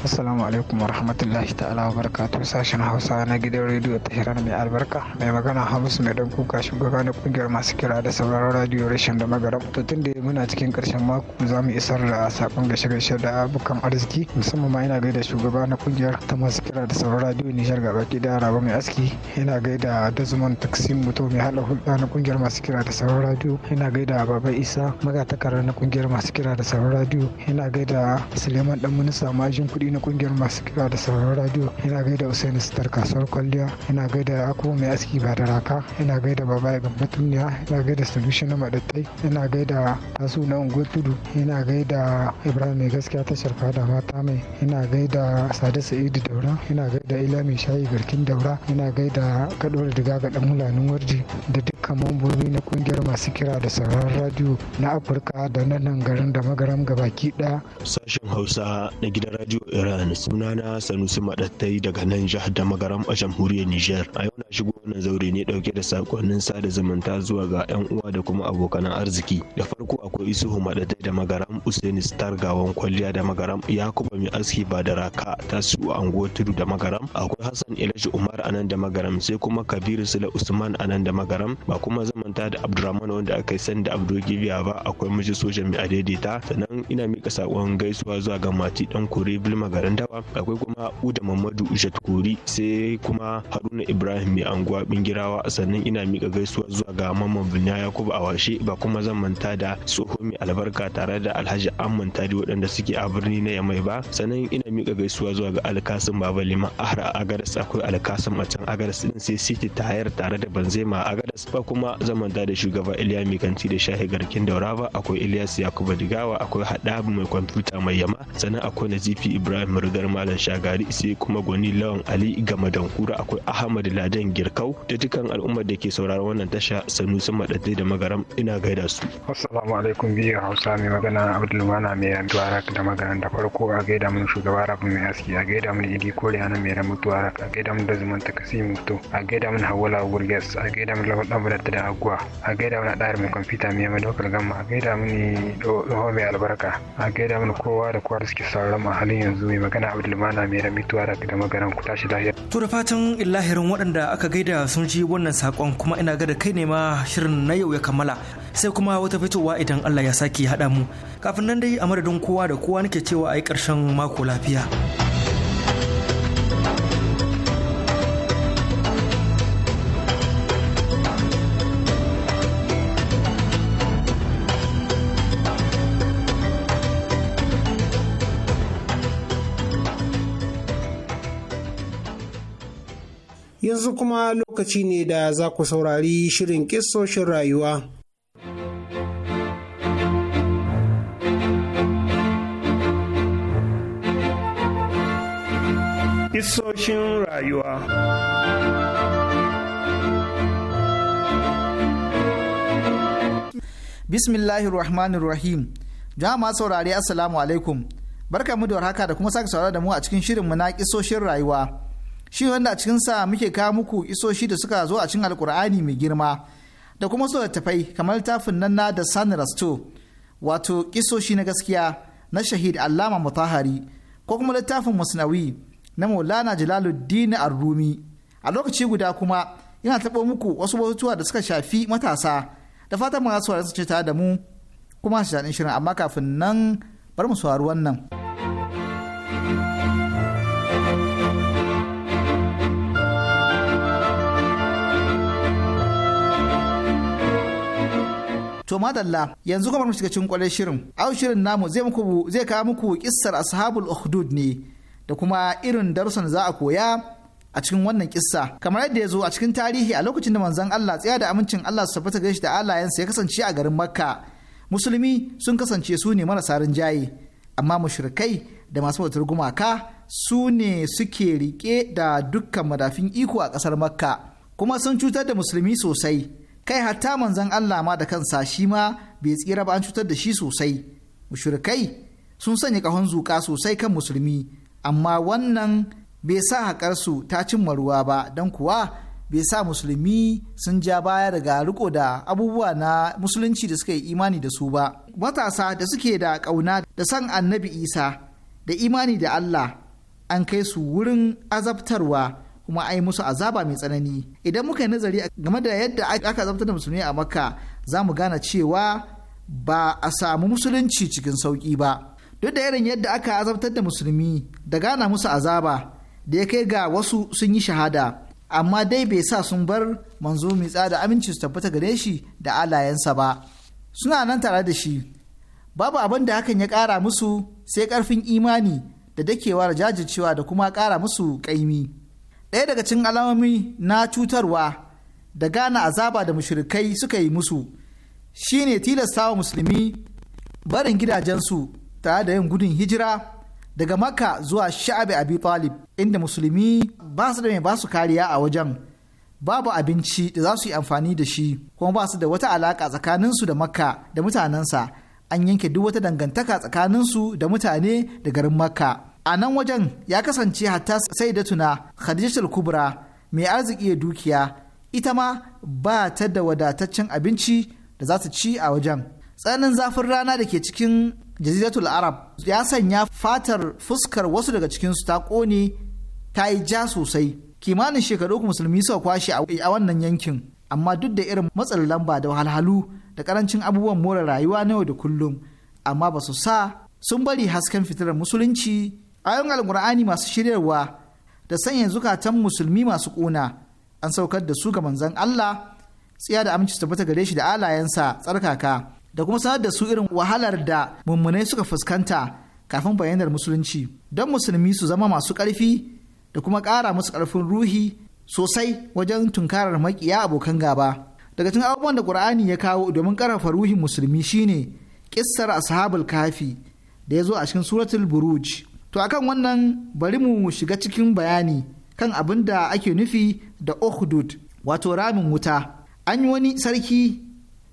Assalamu alaikum warahmatullahi ta'ala wa barakatuh sashen Hausa na gidan rediyo Tehran mai albarka mai magana Hamisu mai dan kuka shugaba na kungiyar masu kira da sauraron radiyo rashin da magaram to tun da muna cikin karshen mako za mu mu isar da sakon gaishe-gaishe da abokan arziki musamman ma yana gaida shugaba na kungiyar ta masu kira da sauran radio nijar ga baki da raba mai aski yana gaida dazuman taksim mutum mai hada hulɗa na kungiyar masu kira da sauran radio ina gaida baba isa magatakara na kungiyar masu kira da sauran radio ina gaida suleiman dan minista majin kuɗi na kungiyar masu kira da sauran radio yana gaida usain sitar kasuwar kwalliya yana gaida ako mai aski ba da raka ina gaida baba ya gambatumiya ina gaida solution na madattai ina gaida tasu na unguwar tudu ina ina gaida ibrahim mai gaskiya shirka da mata mai ina gaida sadi sa'idu daura ina gaida ila mai shayi garkin daura ina gaida kaɗuwar diga ga ɗan mulanin warji da kamar na kungiyar masu kira da sauran radio na afirka da na nan garin da magaram baki daya sashen hausa na gidan radio iran sunana sanusi madattai daga nan jihar da magaram a jamhuriyar niger a yau na shigo wannan zaure ne dauke da sakonnin sada zumunta zuwa ga yan uwa da kuma abokan arziki da farko akwai isuhu madattai da magaram usaini star gawan kwalliya da magaram yakuba mai aski ba da raka su ango tudu da magaram akwai hassan ilaji umar anan da magaram sai kuma kabiru sula usman anan da magaram ba kuma zan manta da abdurrahman wanda aka san da abdul gibiya ba akwai miji sojan mai adaidaita sannan ina mika sakon gaisuwa zuwa ga mati dan kore bilma garin akwai kuma uda mamadu ujat kori sai kuma haruna ibrahim mai anguwa bingirawa sannan ina mika gaisuwa zuwa ga mamman binya yakubu awashe ba kuma zan manta da tsoho mai albarka tare da alhaji amman tari waɗanda suke a birni na yamai ba sannan ina mika gaisuwa zuwa ga alkasim baba liman ahra agaras akwai alkasim a can agaras din sai siti tayar tare da banzema agaras ba haka kuma zamanta da shugaba iliya mai kanti da shahi garkin dauraba akwai ilyas yakuba digawa akwai haɗabu mai kwamfuta mai yama sannan akwai nazifi ibrahim rigar malam shagari sai kuma gwani lawan ali gama dankura akwai ahmad ladan girkau da dukkan al'ummar da ke sauraron wannan tasha sun maɗaɗai da magaram ina gaida su. assalamu alaikum biyu hausa mai magana abdulmana mai yantuwa da magana da farko a gaida mun shugaba rabu mai aski a gaida mun idi koriya na mai ramutuwa a gaida mun da zumunta kasimu to a gaida mun hawala wurgas a gaida mun lawan wadata da aguwa a gaida mana ɗayar mai kwamfuta mai yamma lokal gama a gaida mini ɗoho mai albarka a gaida mana kowa da kowa da suke sauraron a halin yanzu mai magana abdulmana mai ramituwa da da magaran ku tashi lahiya. to da fatan lahirin waɗanda aka gaida sun ji wannan saƙon kuma ina ga da kai ne ma shirin na yau ya kammala sai kuma wata fitowa idan Allah ya sake haɗa mu kafin nan dai a madadin kowa da kowa nake cewa a yi ƙarshen mako lafiya. yanzu kuma lokaci ne da za ku saurari shirin kissoshin rayuwa. Kissoshin rayuwa Bismillahirrahmanirrahim. Jama'a saurari Assalamu alaikum. Barka mu da warhaka da kuma sake saurara da mu a cikin shirinmu na kisoshin rayuwa. shi wanda a cikin sa muke kawo muku isoshi da suka zo a cikin alkur'ani mai girma da kuma so tafai kamar littafin nan na da san rasto wato kisoshi na gaskiya na shahid allama mutahari ko kuma littafin musnawi na maulana jalaluddin ar-rumi a lokaci guda kuma yana taɓo muku wasu batutuwa da suka shafi matasa da fatan masu su ce da mu kuma shi shirin amma kafin nan bar mu saurari wannan. To madalla yanzu kuma mu shiga cikin kwalle shirin. Au shirin namu zai muku zai kawo muku kissar ashabul ukhdud ne da kuma irin darussan za a koya a cikin wannan kissa kamar yadda ya zo a cikin tarihi a lokacin da manzon Allah tsaya da amincin Allah su fata gaishe da alayensa ya kasance a garin Makka musulmi sun kasance su ne marasa rinjaye amma mushrikai da masu bautar gumaka su ne suke rike da dukkan madafin iko a ƙasar Makka kuma sun cutar da musulmi sosai kai hatta manzon Allah ma da kansa shi ma bai tsira ba an cutar da shi sosai mushrikai sun sanya kahon zuƙa sosai kan musulmi amma wannan bai sa haƙarsu ta cimma ruwa ba don kuwa bai sa musulmi sun ja baya daga riko da abubuwa na musulunci da suka yi imani da su ba matasa da suke da ƙauna da san annabi isa da imani da allah an kai su wurin azabtarwa kuma ai musu azaba mai tsanani idan muka yi nazari game da yadda aka azabtar da musulmi a makka za mu gane cewa ba a samu musulunci cikin sauƙi ba duk da irin yadda aka azabtar da musulmi da gana musu azaba da ya kai ga wasu sun yi shahada amma dai bai sa sun bar manzo mai tsada aminci su tabbata gare shi da alayensa ba suna nan tare da shi babu abin da hakan ya kara musu sai karfin imani da da jajircewa da kuma kara musu ƙaimi. ɗaya daga cikin alamomi na cutarwa da gane azaba da mushrikai suka yi musu shine tilasta wa musulmi barin gidajensu tare da yin gudun hijira daga makka zuwa sha'abi abi talib inda musulmi ba su da mai ba su kariya a wajen babu abinci da za su yi amfani da shi kuma ba su da wata alaka tsakaninsu da makka da mutanensa an yanke duk wata dangantaka tsakaninsu da mutane da garin makka a nan wajen ya kasance hatta sai da tuna khadijatul kubra mai arziki da dukiya ita ma ba ta da wadataccen abinci da za su ci a wajen tsananin zafin rana da ke cikin jaziratul arab ya sanya fatar fuskar wasu daga cikin su ta kone ta yi ja sosai kimanin shekaru uku musulmi suka kwashe a wannan yankin amma duk da irin matsalar lamba da wahalhalu da karancin abubuwan more rayuwa na yau da kullum amma ba su sa sun bari hasken fitilar musulunci ayon alkur'ani masu shiryarwa da sanya zukatan musulmi masu ƙuna an saukar da su ga manzan Allah tsiya da aminci tabbata gare shi da alayensa tsarkaka da kuma sanar da su irin wahalar da mummunai suka fuskanta kafin bayanar musulunci don musulmi su zama masu ƙarfi da kuma ƙara musu ƙarfin ruhi sosai wajen tunkarar maƙiya abokan gaba daga cikin abubuwan da ƙur'ani ya kawo domin ƙarfafa ruhin musulmi shine kissar ashabul kafi da ya zo a cikin suratul buruj To akan wannan bari mu shiga cikin bayani kan abin da ake nufi da Ohudud wato ramin wuta. An yi wani sarki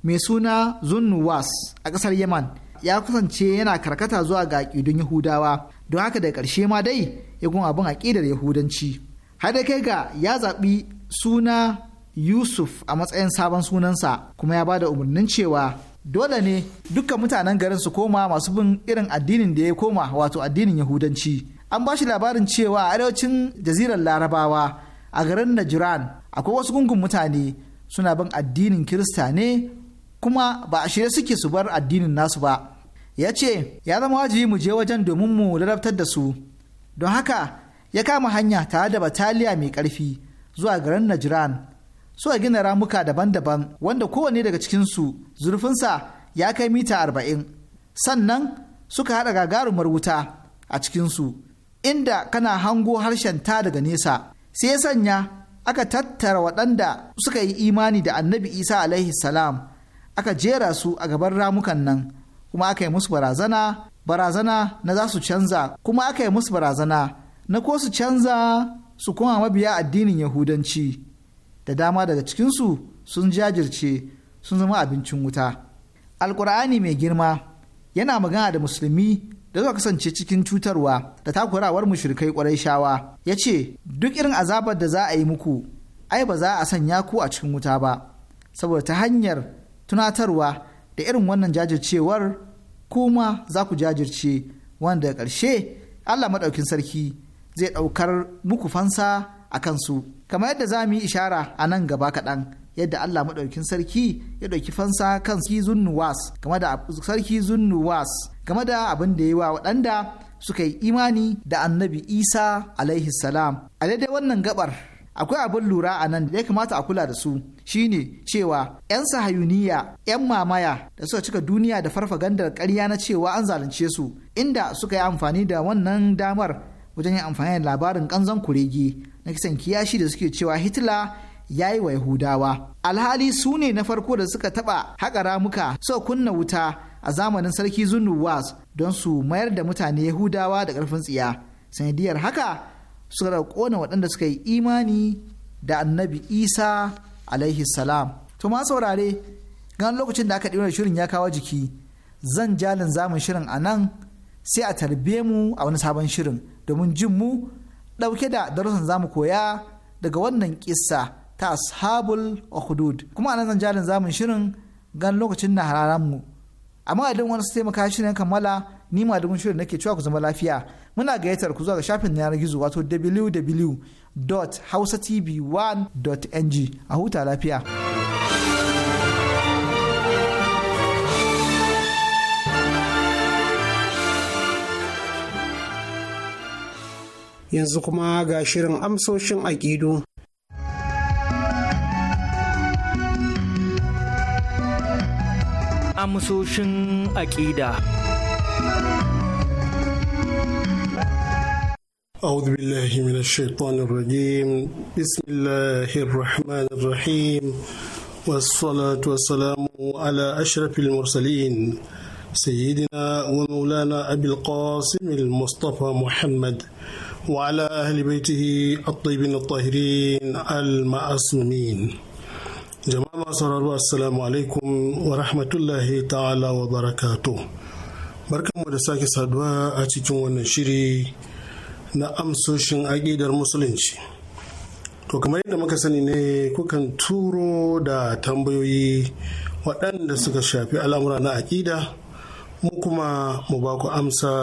mai suna Zunuwas a ƙasar Yaman ya kasance yana karkata zuwa ga ƙidun Yahudawa don haka da ƙarshe ma dai ya gun abin aƙidar Yahudanci. Har da kai ga ya zaɓi suna Yusuf a matsayin sabon sunansa kuma ya ba da umarnin cewa dole ne dukkan mutanen garin su koma masu bin irin addinin da ya koma wato addinin yahudanci an ba shi labarin cewa a arewacin jazirar larabawa a garin najiran akwai wasu gungun mutane suna bin addinin kirista ne kuma ba a shirye suke su bar addinin nasu ba ya ce ya zama wajibi mu je wajen domin mu larabtar da su don haka ya kama hanya tare da bataliya mai ƙarfi zuwa garin najiran suka gina ramuka daban-daban wanda kowane daga cikinsu zurfinsa ya kai mita arba'in sannan suka haɗa gagarumar wuta a cikinsu inda kana hango harshen ta daga nesa sai sanya aka tattara waɗanda suka yi imani da annabi isa alaihi salam aka jera su a gaban ramukan nan kuma aka yi musu barazana barazana na za su canza kuma aka yi musu barazana na ko su canza su koma mabiya addinin yahudanci da dama daga cikinsu sun jajirce sun zama abincin wuta Alƙur'ani mai girma yana magana da musulmi da zuwa kasance cikin cutarwa da takurawar mushrikai kwarai shawa ya ce duk irin azabar da za a yi muku ai ba za a sanya ku a cikin wuta ba saboda ta hanyar tunatarwa da irin wannan jajircewar kuma za ku jajirce wanda ƙarshe allah maɗaukin sarki zai ɗaukar muku fansa a kansu kamar yadda za mu yi ishara a nan gaba kaɗan yadda Allah maɗaukin sarki ya ɗauki fansa kan sarki was game da sarki was game da abin da ya yi wa waɗanda suka yi imani da annabi isa alaihi salam a daidai wannan gabar akwai abin lura a nan da ya kamata a kula da su shine cewa 'yan sahayuniya 'yan mamaya da suka cika duniya da farfagandar ƙarya na cewa an zalunce su inda suka yi amfani da wannan damar wajen yin amfani da labarin kanzon kuregi na kisan kiyashi da suke cewa hitler ya yi wa yahudawa alhali su ne na farko da suka taɓa haƙa ramuka suka kunna wuta a zamanin sarki zunuwas don su mayar da mutane yahudawa da ƙarfin tsiya sanadiyar haka suka da kona waɗanda suka yi imani da annabi isa alaihi salam to ma saurare gan lokacin da aka ɗiura shirin ya kawo jiki zan jalin zamun shirin a nan sai a tarbe mu a wani sabon shirin domin jin mu ɗauke da darussan za mu koya daga wannan kissa ta ashabul hudud kuma anan zan jarin zamun shirin gan lokacin na hararan mu amma idan wani su taimaka shirin kammala ni ma da shirin nake cewa ku zama lafiya muna gayyatar ku zuwa ga shafin na yanar gizo wato www.hausatv1.ng a huta lafiya. yanzu kuma ga shirin amsoshin aƙidu. Amsoshin aƙida أعوذ بالله من الشيطان الرجيم بسم الله الرحمن الرحيم والصلاة والسلام على أشرف المرسلين سيدنا ومولانا أبي القاسم المصطفى محمد وعلى أهل بيته الطيبين الطاهرين المعصومين جماعة سراروا السلام عليكم ورحمة الله تعالى وبركاته barkan mu da sake saduwa a cikin wannan shiri na amsoshin aƙidar musulunci to kamar yadda muka sani ne kukan turo da tambayoyi waɗanda suka shafi al'amura na aƙida mu kuma mu ba ku amsa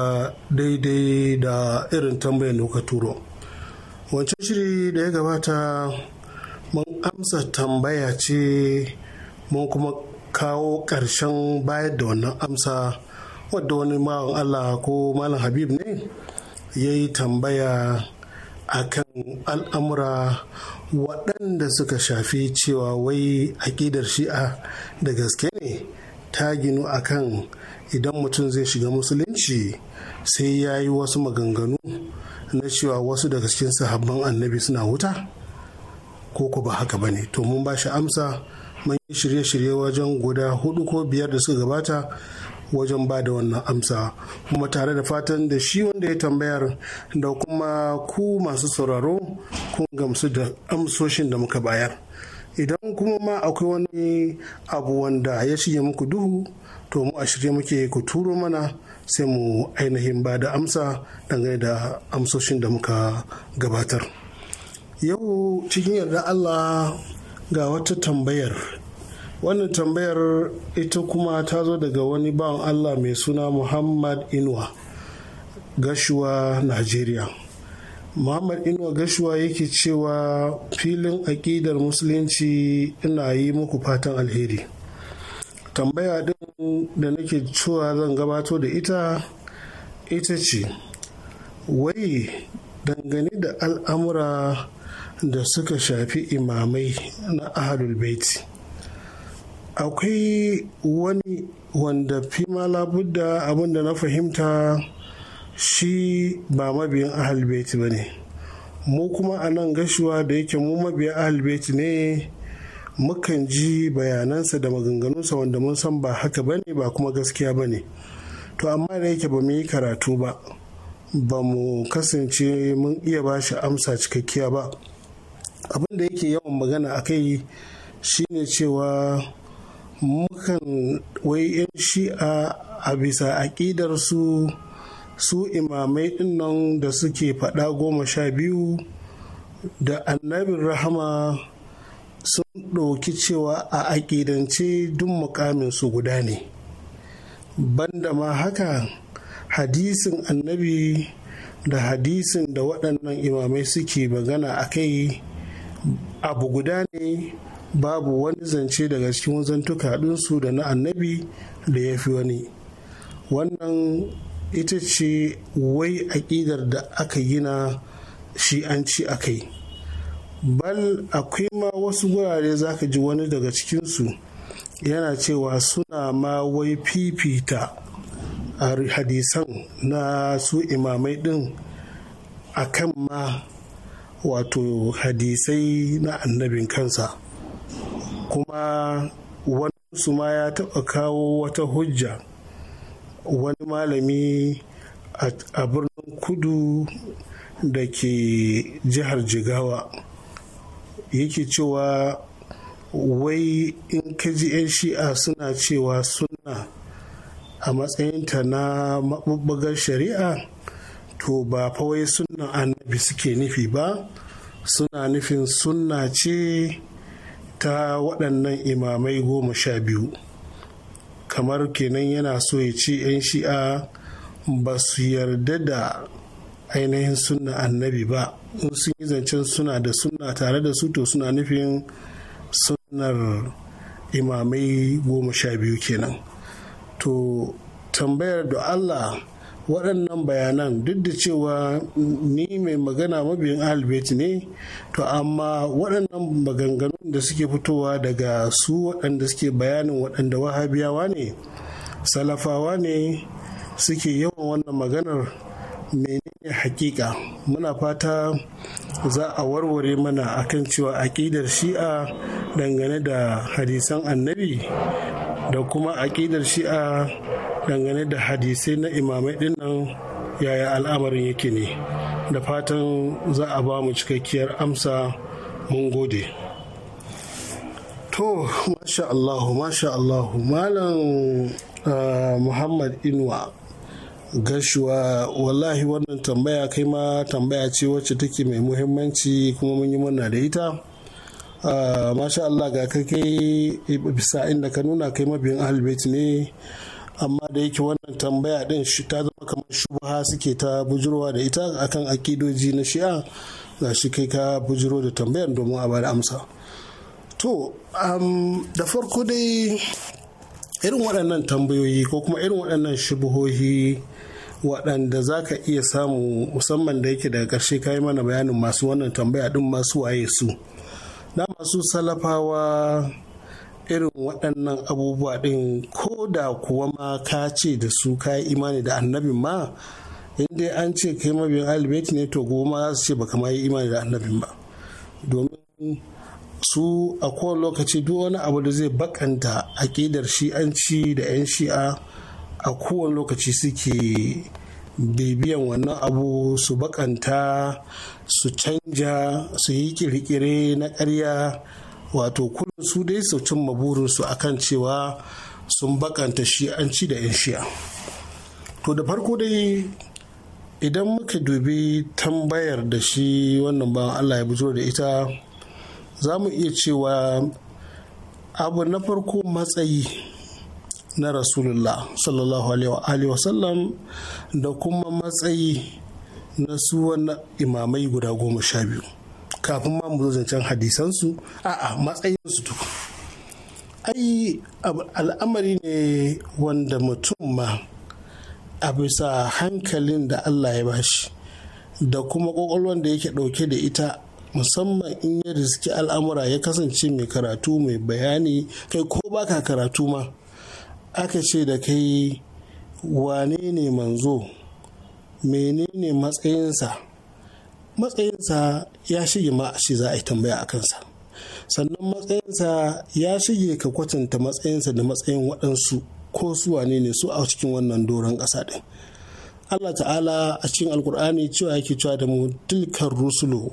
daidai da irin tambayar da kuka turo wancan shiri da ya gabata mun amsa tambaya ce mun kuma kawo ƙarshen bayar da wannan amsa wadda wani mawan allah ko malam habib ne ya yi tambaya a kan al'amura waɗanda suka shafi cewa wai aƙidar shi'a da gaske ne ta ginu akan idan mutum zai shiga musulunci sai ya yi wasu maganganu na cewa wasu daga cikin sahabban annabi suna wuta ko ba haka ba ne to mun ba shi amsa mun yi shirye-shirye wajen guda hudu ko biyar da suka gabata wajen ba da wannan amsa kuma tare da fatan da shi wanda ya tambayar da kuma ku masu sauraro kun gamsu da amsoshin da muka bayar idan kuma ma akwai wani abu wanda ya shige muku duhu to mu a shirye muke ku turo mana sai mu ainihin ba da amsa dangane da amsoshin da muka gabatar yau cikin yarda allah ga wata tambayar wannan tambayar ita kuma ta zo daga wani bawan allah mai suna muhammad inuwa gashuwa najeriya muhammad inuwa gashuwa yake cewa filin aƙidar musulunci ina yi muku fatan alheri tambaya din da nake cewa zan gabato da ita ita ce wai dangane da al'amura da suka shafi imamai na ahalul baiti akwai wani wanda ma labudda abinda na fahimta shi ba mabiyan ahalul baiti ba ne mu kuma a nan gashuwa da yake mu mabiyan ahalul baiti ne mukan ji bayanansa da maganganunsa wanda mun san ba haka ba ne ba kuma gaskiya ba ne to amma da yake ba mu yi karatu ba ba mu kasance mun iya ba shi amsa cikakkiya ba abin da yake yawan magana a kai shine cewa mukan wai 'yan shi'a a bisa aƙidarsu su imamai ɗinnan da suke faɗa goma sha biyu da annabin rahama sun ɗauki cewa a aƙidance duk mukamin su guda ne banda ma haka hadisin annabi da hadisin da waɗannan imamai suke magana a kai abu guda ne babu wani zance daga cikin zantuka ɗinsu da na annabi da ya fi wani wannan ita ce wai aƙidar da aka yi na ci a kai bal akwai ma wasu gurare za ka ji wani daga cikinsu yana cewa suna ma wai fifita a hadisan na su imamai din a kan ma wato hadisai na annabin kansa kuma wani su ma ya taɓa kawo wata hujja wani malami a birnin kudu da ke jihar jigawa yake cewa wai in kaji 'yan shi'a suna cewa sunna a matsayinta na maɓuɓɓugar shari'a to ba fawai sunan annabi suke nufi ba suna nufin sunna ce ta waɗannan imamai goma sha biyu kamar kenan yana so ya ce 'yan shi'a ba su yarda da ainihin sunna annabi ba sun yi zancen suna da suna tare da su to suna nufin sunnar imamai goma sha biyu kenan to tambayar da allah waɗannan bayanan duk da cewa ni mai magana mabiyin albert ne to amma waɗannan maganganun da suke fitowa daga su waɗanda suke bayanin waɗanda wahabiyawa ne salafawa ne suke yawan wannan maganar menene hakika muna fata za a warware mana akan cewa aƙidar shi'a dangane da hadisan annabi da kuma aƙidar shi'a dangane da hadisai na imamai dinnan yaya al'amarin yake ne da fatan za a ba mu cikakkiyar amsa mun gode to masha allahu masha allahu malam ah, muhammad inuwa gashuwa wallahi wannan tambaya kai ma tambaya ce wacce take mai muhimmanci kuma mun yi murna da ita ah, masha Allah ga kake bisa inda ka nuna kai mabiyin albert ne amma da yake wannan tambaya din ta zama kamar shubha suke ta bujurwa da ita akan akidoji na shi'a za shi kai ka bujuro da tambayar domin a bada amsa to da farko dai irin waɗannan tambayoyi ko kuma irin waɗannan shubuhohi waɗanda za ka iya samu musamman da yake daga ƙarshe kayi mana bayanin masu wannan tambaya ɗin masu waye su na masu salafawa irin waɗannan abubuwa ɗin ko da kuwa ma ka ce da su ka yi imani da annabin ma inda an ce kai mabiyan alibeti ne to goma za su ce baka ma yi imani da annabin ba domin su a kowane lokaci duk wani abu da zai bakanta aƙidar shi'anci da 'yan shi'a a kowane lokaci suke bibiyan wannan abu su bakanta su canja su yi kirkire na karya wato kullum su dai su cimma burinsu akan cewa sun bakanta shi an ci da 'yan shi'a to da farko dai idan muka dubi tambayar da shi wannan ba allah ya bujo da ita za mu iya cewa abu na farko matsayi na rasulullah sallallahu alaihi wasallam da kuma matsayi na su wani imamai guda goma sha biyu kafin ma mu zo zancen hadisansu a'a matsayinsu tukun ai al'amari ne wanda mutum ma a bisa hankalin da allah ya bashi da kuma kwakwalwan da yake dauke da ita musamman in ya riski al'amura ya kasance mai karatu mai bayani kai ko baka karatu ma aka ce da kai wane ne manzo menene matsayinsa matsayinsa ya shige ma shi za a yi tambaya a kansa sannan matsayinsa ya shige ka kwatanta matsayinsa da matsayin waɗansu ko su wane ne su a cikin wannan doron ƙasa ɗin Allah ta'ala a cikin alkur'ani cewa yake cewa da mu tilkar rusulu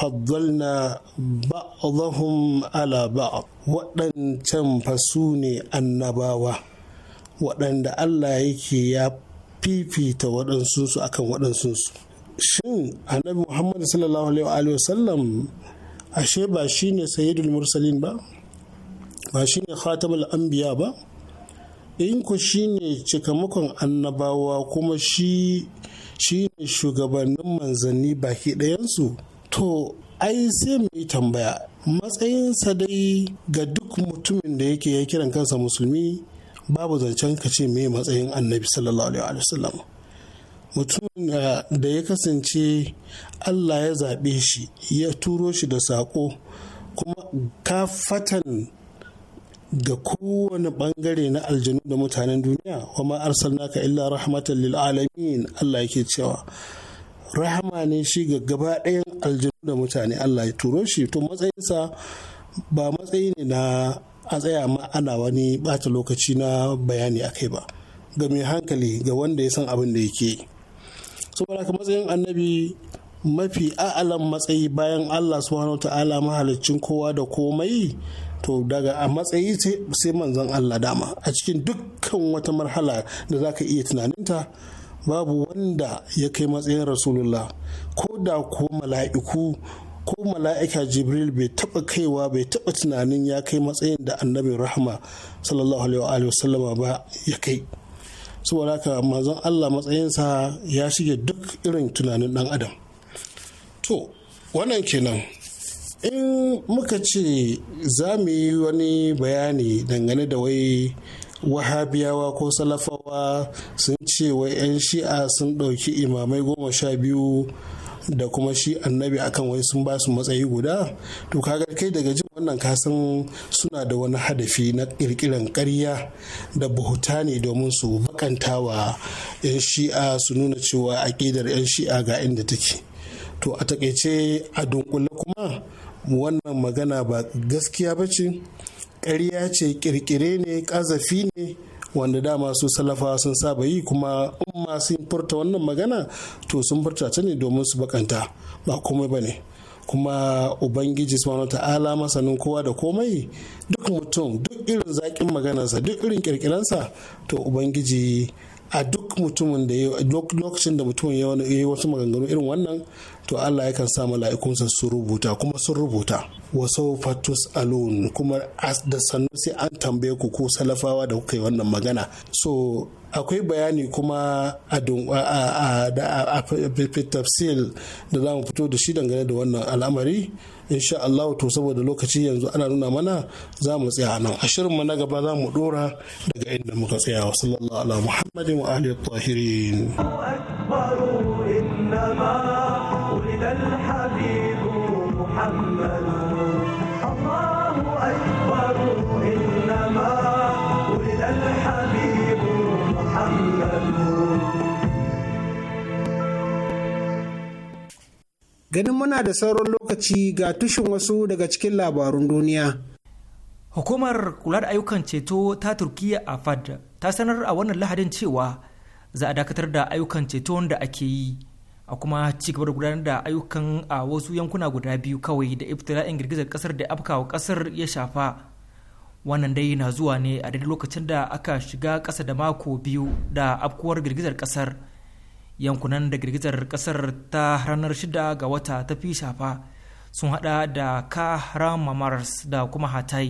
faddalna ba'dahum ala ba'd waɗancan fasu ne annabawa waɗanda Allah yake ya fifita waɗansu su akan waɗansu su? shin annabi muhammad sallallahu alaihi wasallam ashe ba shine sayyidul mursalin ba ba shine khatamul anbiya ba in ku shine cikamakon annabawa kuma shi ne shugabannin manzanni baki ɗayansu to ai sai mu yi tambaya matsayinsa dai ga duk mutumin da yake ya kiran kansa musulmi babu zancen ka ce me matsayin annabi sallallahu alaihi wasallam mutum eh, da ya kasance allah ya zaɓe shi ya turo shi da saƙo kuma ka fatan ga kowane ɓangare na aljanu da mutanen duniya wa ma arsalnaka illa rahmatan lil alamin allah yake cewa rahama ne shi ga gaba ɗayan aljanu da mutane allah ya turo shi to matsayinsa ba matsayi ne na a tsaya ma ana wani ɓata lokaci na bayani a kai ba ga mai hankali ga wanda ya san abin da yake saboda ka matsayin annabi mafi a'alan matsayi bayan Allah subhanahu ta'ala mahaliccin kowa da komai to daga a matsayi sai manzan Allah dama a cikin dukkan wata marhala da za ka iya tunaninta babu wanda ya kai matsayin rasulullah ko da ko mala'iku ko mala'ika jibril bai taba kaiwa bai taba tunanin ya kai matsayin da annabi Rahma sallallahu alaihi wa sallama ba ya kai saboda haka manzon Allah matsayinsa ya shige duk irin tunanin dan adam to wannan kenan in muka ce za mu yi wani bayani dangane da wai wahabiyawa ko salafawa sun ce wai 'yan shi'a sun ɗauki imamai goma sha biyu da kuma shi annabi akan wai sun ba su matsayi guda to kaga kai daga jin wannan kasan suna da wani hadafi na kirkiran ƙarya da buhuta ne domin su bakanta wa 'yan shi'a su nuna cewa aƙidar 'yan shi'a ga inda take to a takaice a dunkule kuma wannan magana ba gaskiya ba ce ƙarya ce kirkire ne ƙazafi ne wanda dama su salafawa sun saba yi kuma umma sun furta wannan magana to sun furta ta ne domin su bakanta ba komai ba ne kuma ubangiji subhanahu ta'ala masanin kowa da komai duk mutum duk irin zaƙin maganarsa duk irin kirkirarsa to ubangiji a duk mutumin da ya, lokacin da mutumin ya yi wasu maganganu irin wannan to Allah yakan sa mala'ikunsa su rubuta kuma sun rubuta wasu fatus alun kuma da sannu sai an tambaye ku ko salafawa da kuka yi wannan magana so akwai bayani kuma a tafsir da za mu fito da shi dangane da wannan al'amari insha Allah to saboda lokaci yanzu ana nuna mana za mu tsaya nan a shirin mu na gaba za mu dora daga inda muka tsaya wa sallallahu ala muhammadin wa ahli tahirin ganin muna da sauran lokaci ga tushen wasu daga cikin labarun duniya. Hukumar kula da ayyukan ceto ta Turkiyya a FAD ta sanar a wannan lahadin cewa za a dakatar da ayyukan ceto da ake yi a kuma ci gaba da gudanar da ayyukan a wasu yankuna guda biyu kawai da iftila'in girgizar kasar da afkawa kasar ya shafa wannan dai na zuwa ne a daidai lokacin da aka shiga kasa da mako biyu da afkuwar girgizar kasar yankunan da girgizar kasar ta ranar 6 ga wata ta fi shafa sun hada da kahramamars da kuma hatai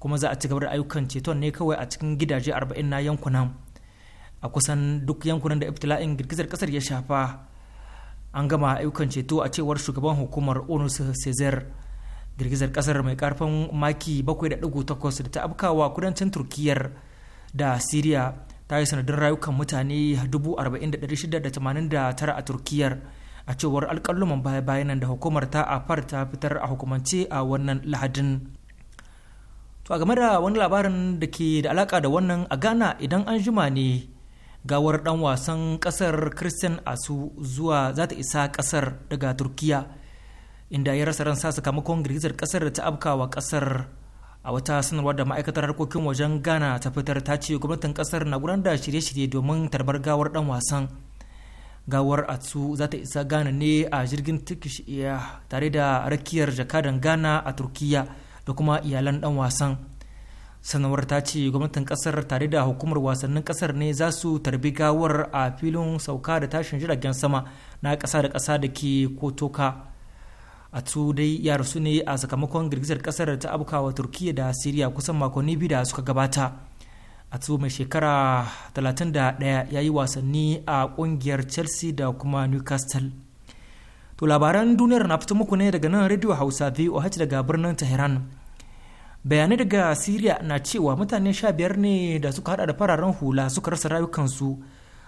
kuma za a ci gaba da ayyukan ceton ne kawai a cikin gidaje 40 na yankunan a kusan duk yankunan da iftila'in girgizar kasar ya shafa an gama ayyukan ceto a cewar shugaban hukumar onus cesar girgizar kasar mai karfin maki 7.8 da ta afkawa kudancin turkiyar da siriya ta yi sanadin rayukan mutane 40,689 a turkiyar a cewar alkaluman baya-bayanan da hukumar ta afar ta fitar a hukumance a wannan lahadin to a game da wani labarin da ke da alaka da wannan a ghana idan an jima ne gawar dan wasan kasar christian asu zuwa za ta isa kasar daga turkiya inda ya rasa ransa sakamakon girgizar kasar da ta wa kasar a wata sanarwar da ma'aikatar harkokin wajen ghana ta fitar ta ce gwamnatin kasar na gudanar da shirye-shirye domin tarbar gawar dan wasan gawar atsu za ta isa ghana ne a jirgin tikishiya tare da rakiyar jakadan ghana a turkiya da kuma iyalan dan wasan sanarwar ta ce gwamnatin kasar tare da hukumar wasannin kasar ne za su tarbi gawar a filin sauka da tashin jiragen sama na kasa da kasa da ke kotoka tu dai ya rasu ne a sakamakon girgizar kasar ta abukawa turkiya da siriya kusan makonni biyu da suka gabata tu mai shekara 31 ya yi wasanni a kungiyar chelsea da kuma newcastle to labaran duniyar na fito muku ne daga nan radio hausa voh daga birnin tehran bayanai daga siriya na cewa mutane sha biyar ne da suka hada da fararen hula suka rasa rayukansu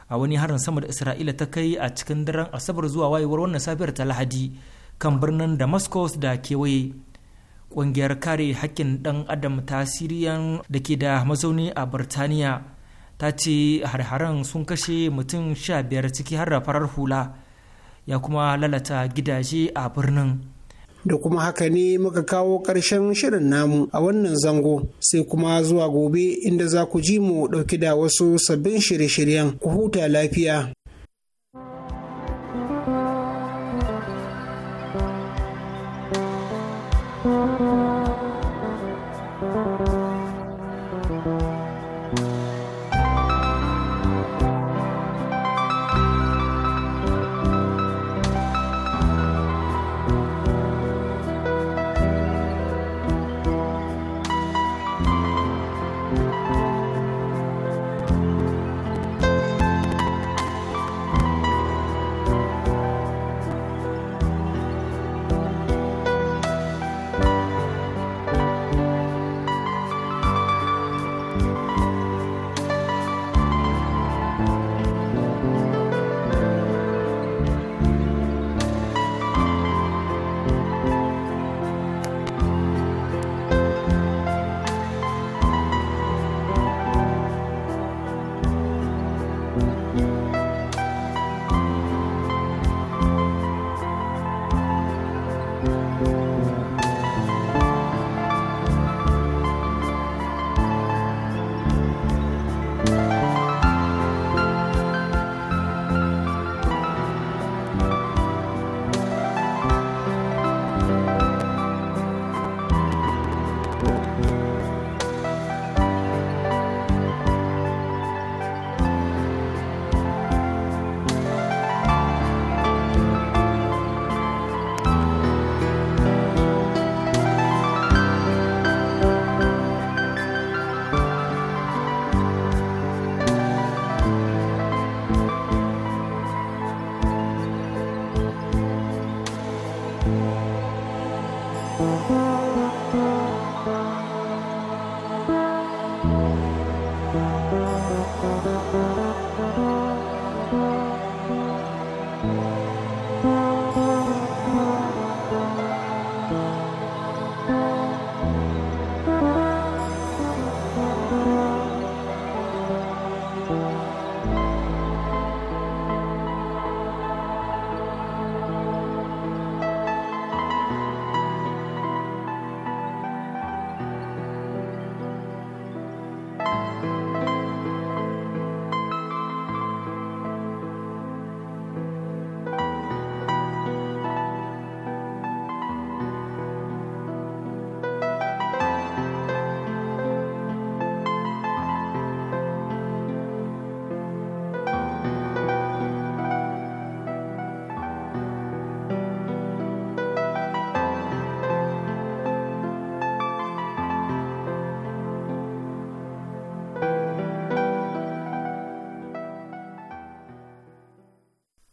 a wani harin sama da isra'ila ta kai a cikin daren asabar zuwa wayewar wannan sabiyar ta lahadi kan birnin damascus da kewaye ƙungiyar kare hakkin ɗan adam ta siriyan da ke da mazauni a birtaniya ta ce harharan sun kashe mutum sha biyar ciki har da farar hula ya kuma lalata gidaje a birnin da kuma haka ne muka kawo ƙarshen shirin namu a wannan zango sai kuma zuwa gobe inda za ku ji mu ɗauki da wasu sabbin shirye-shiryen ku huta lafiya.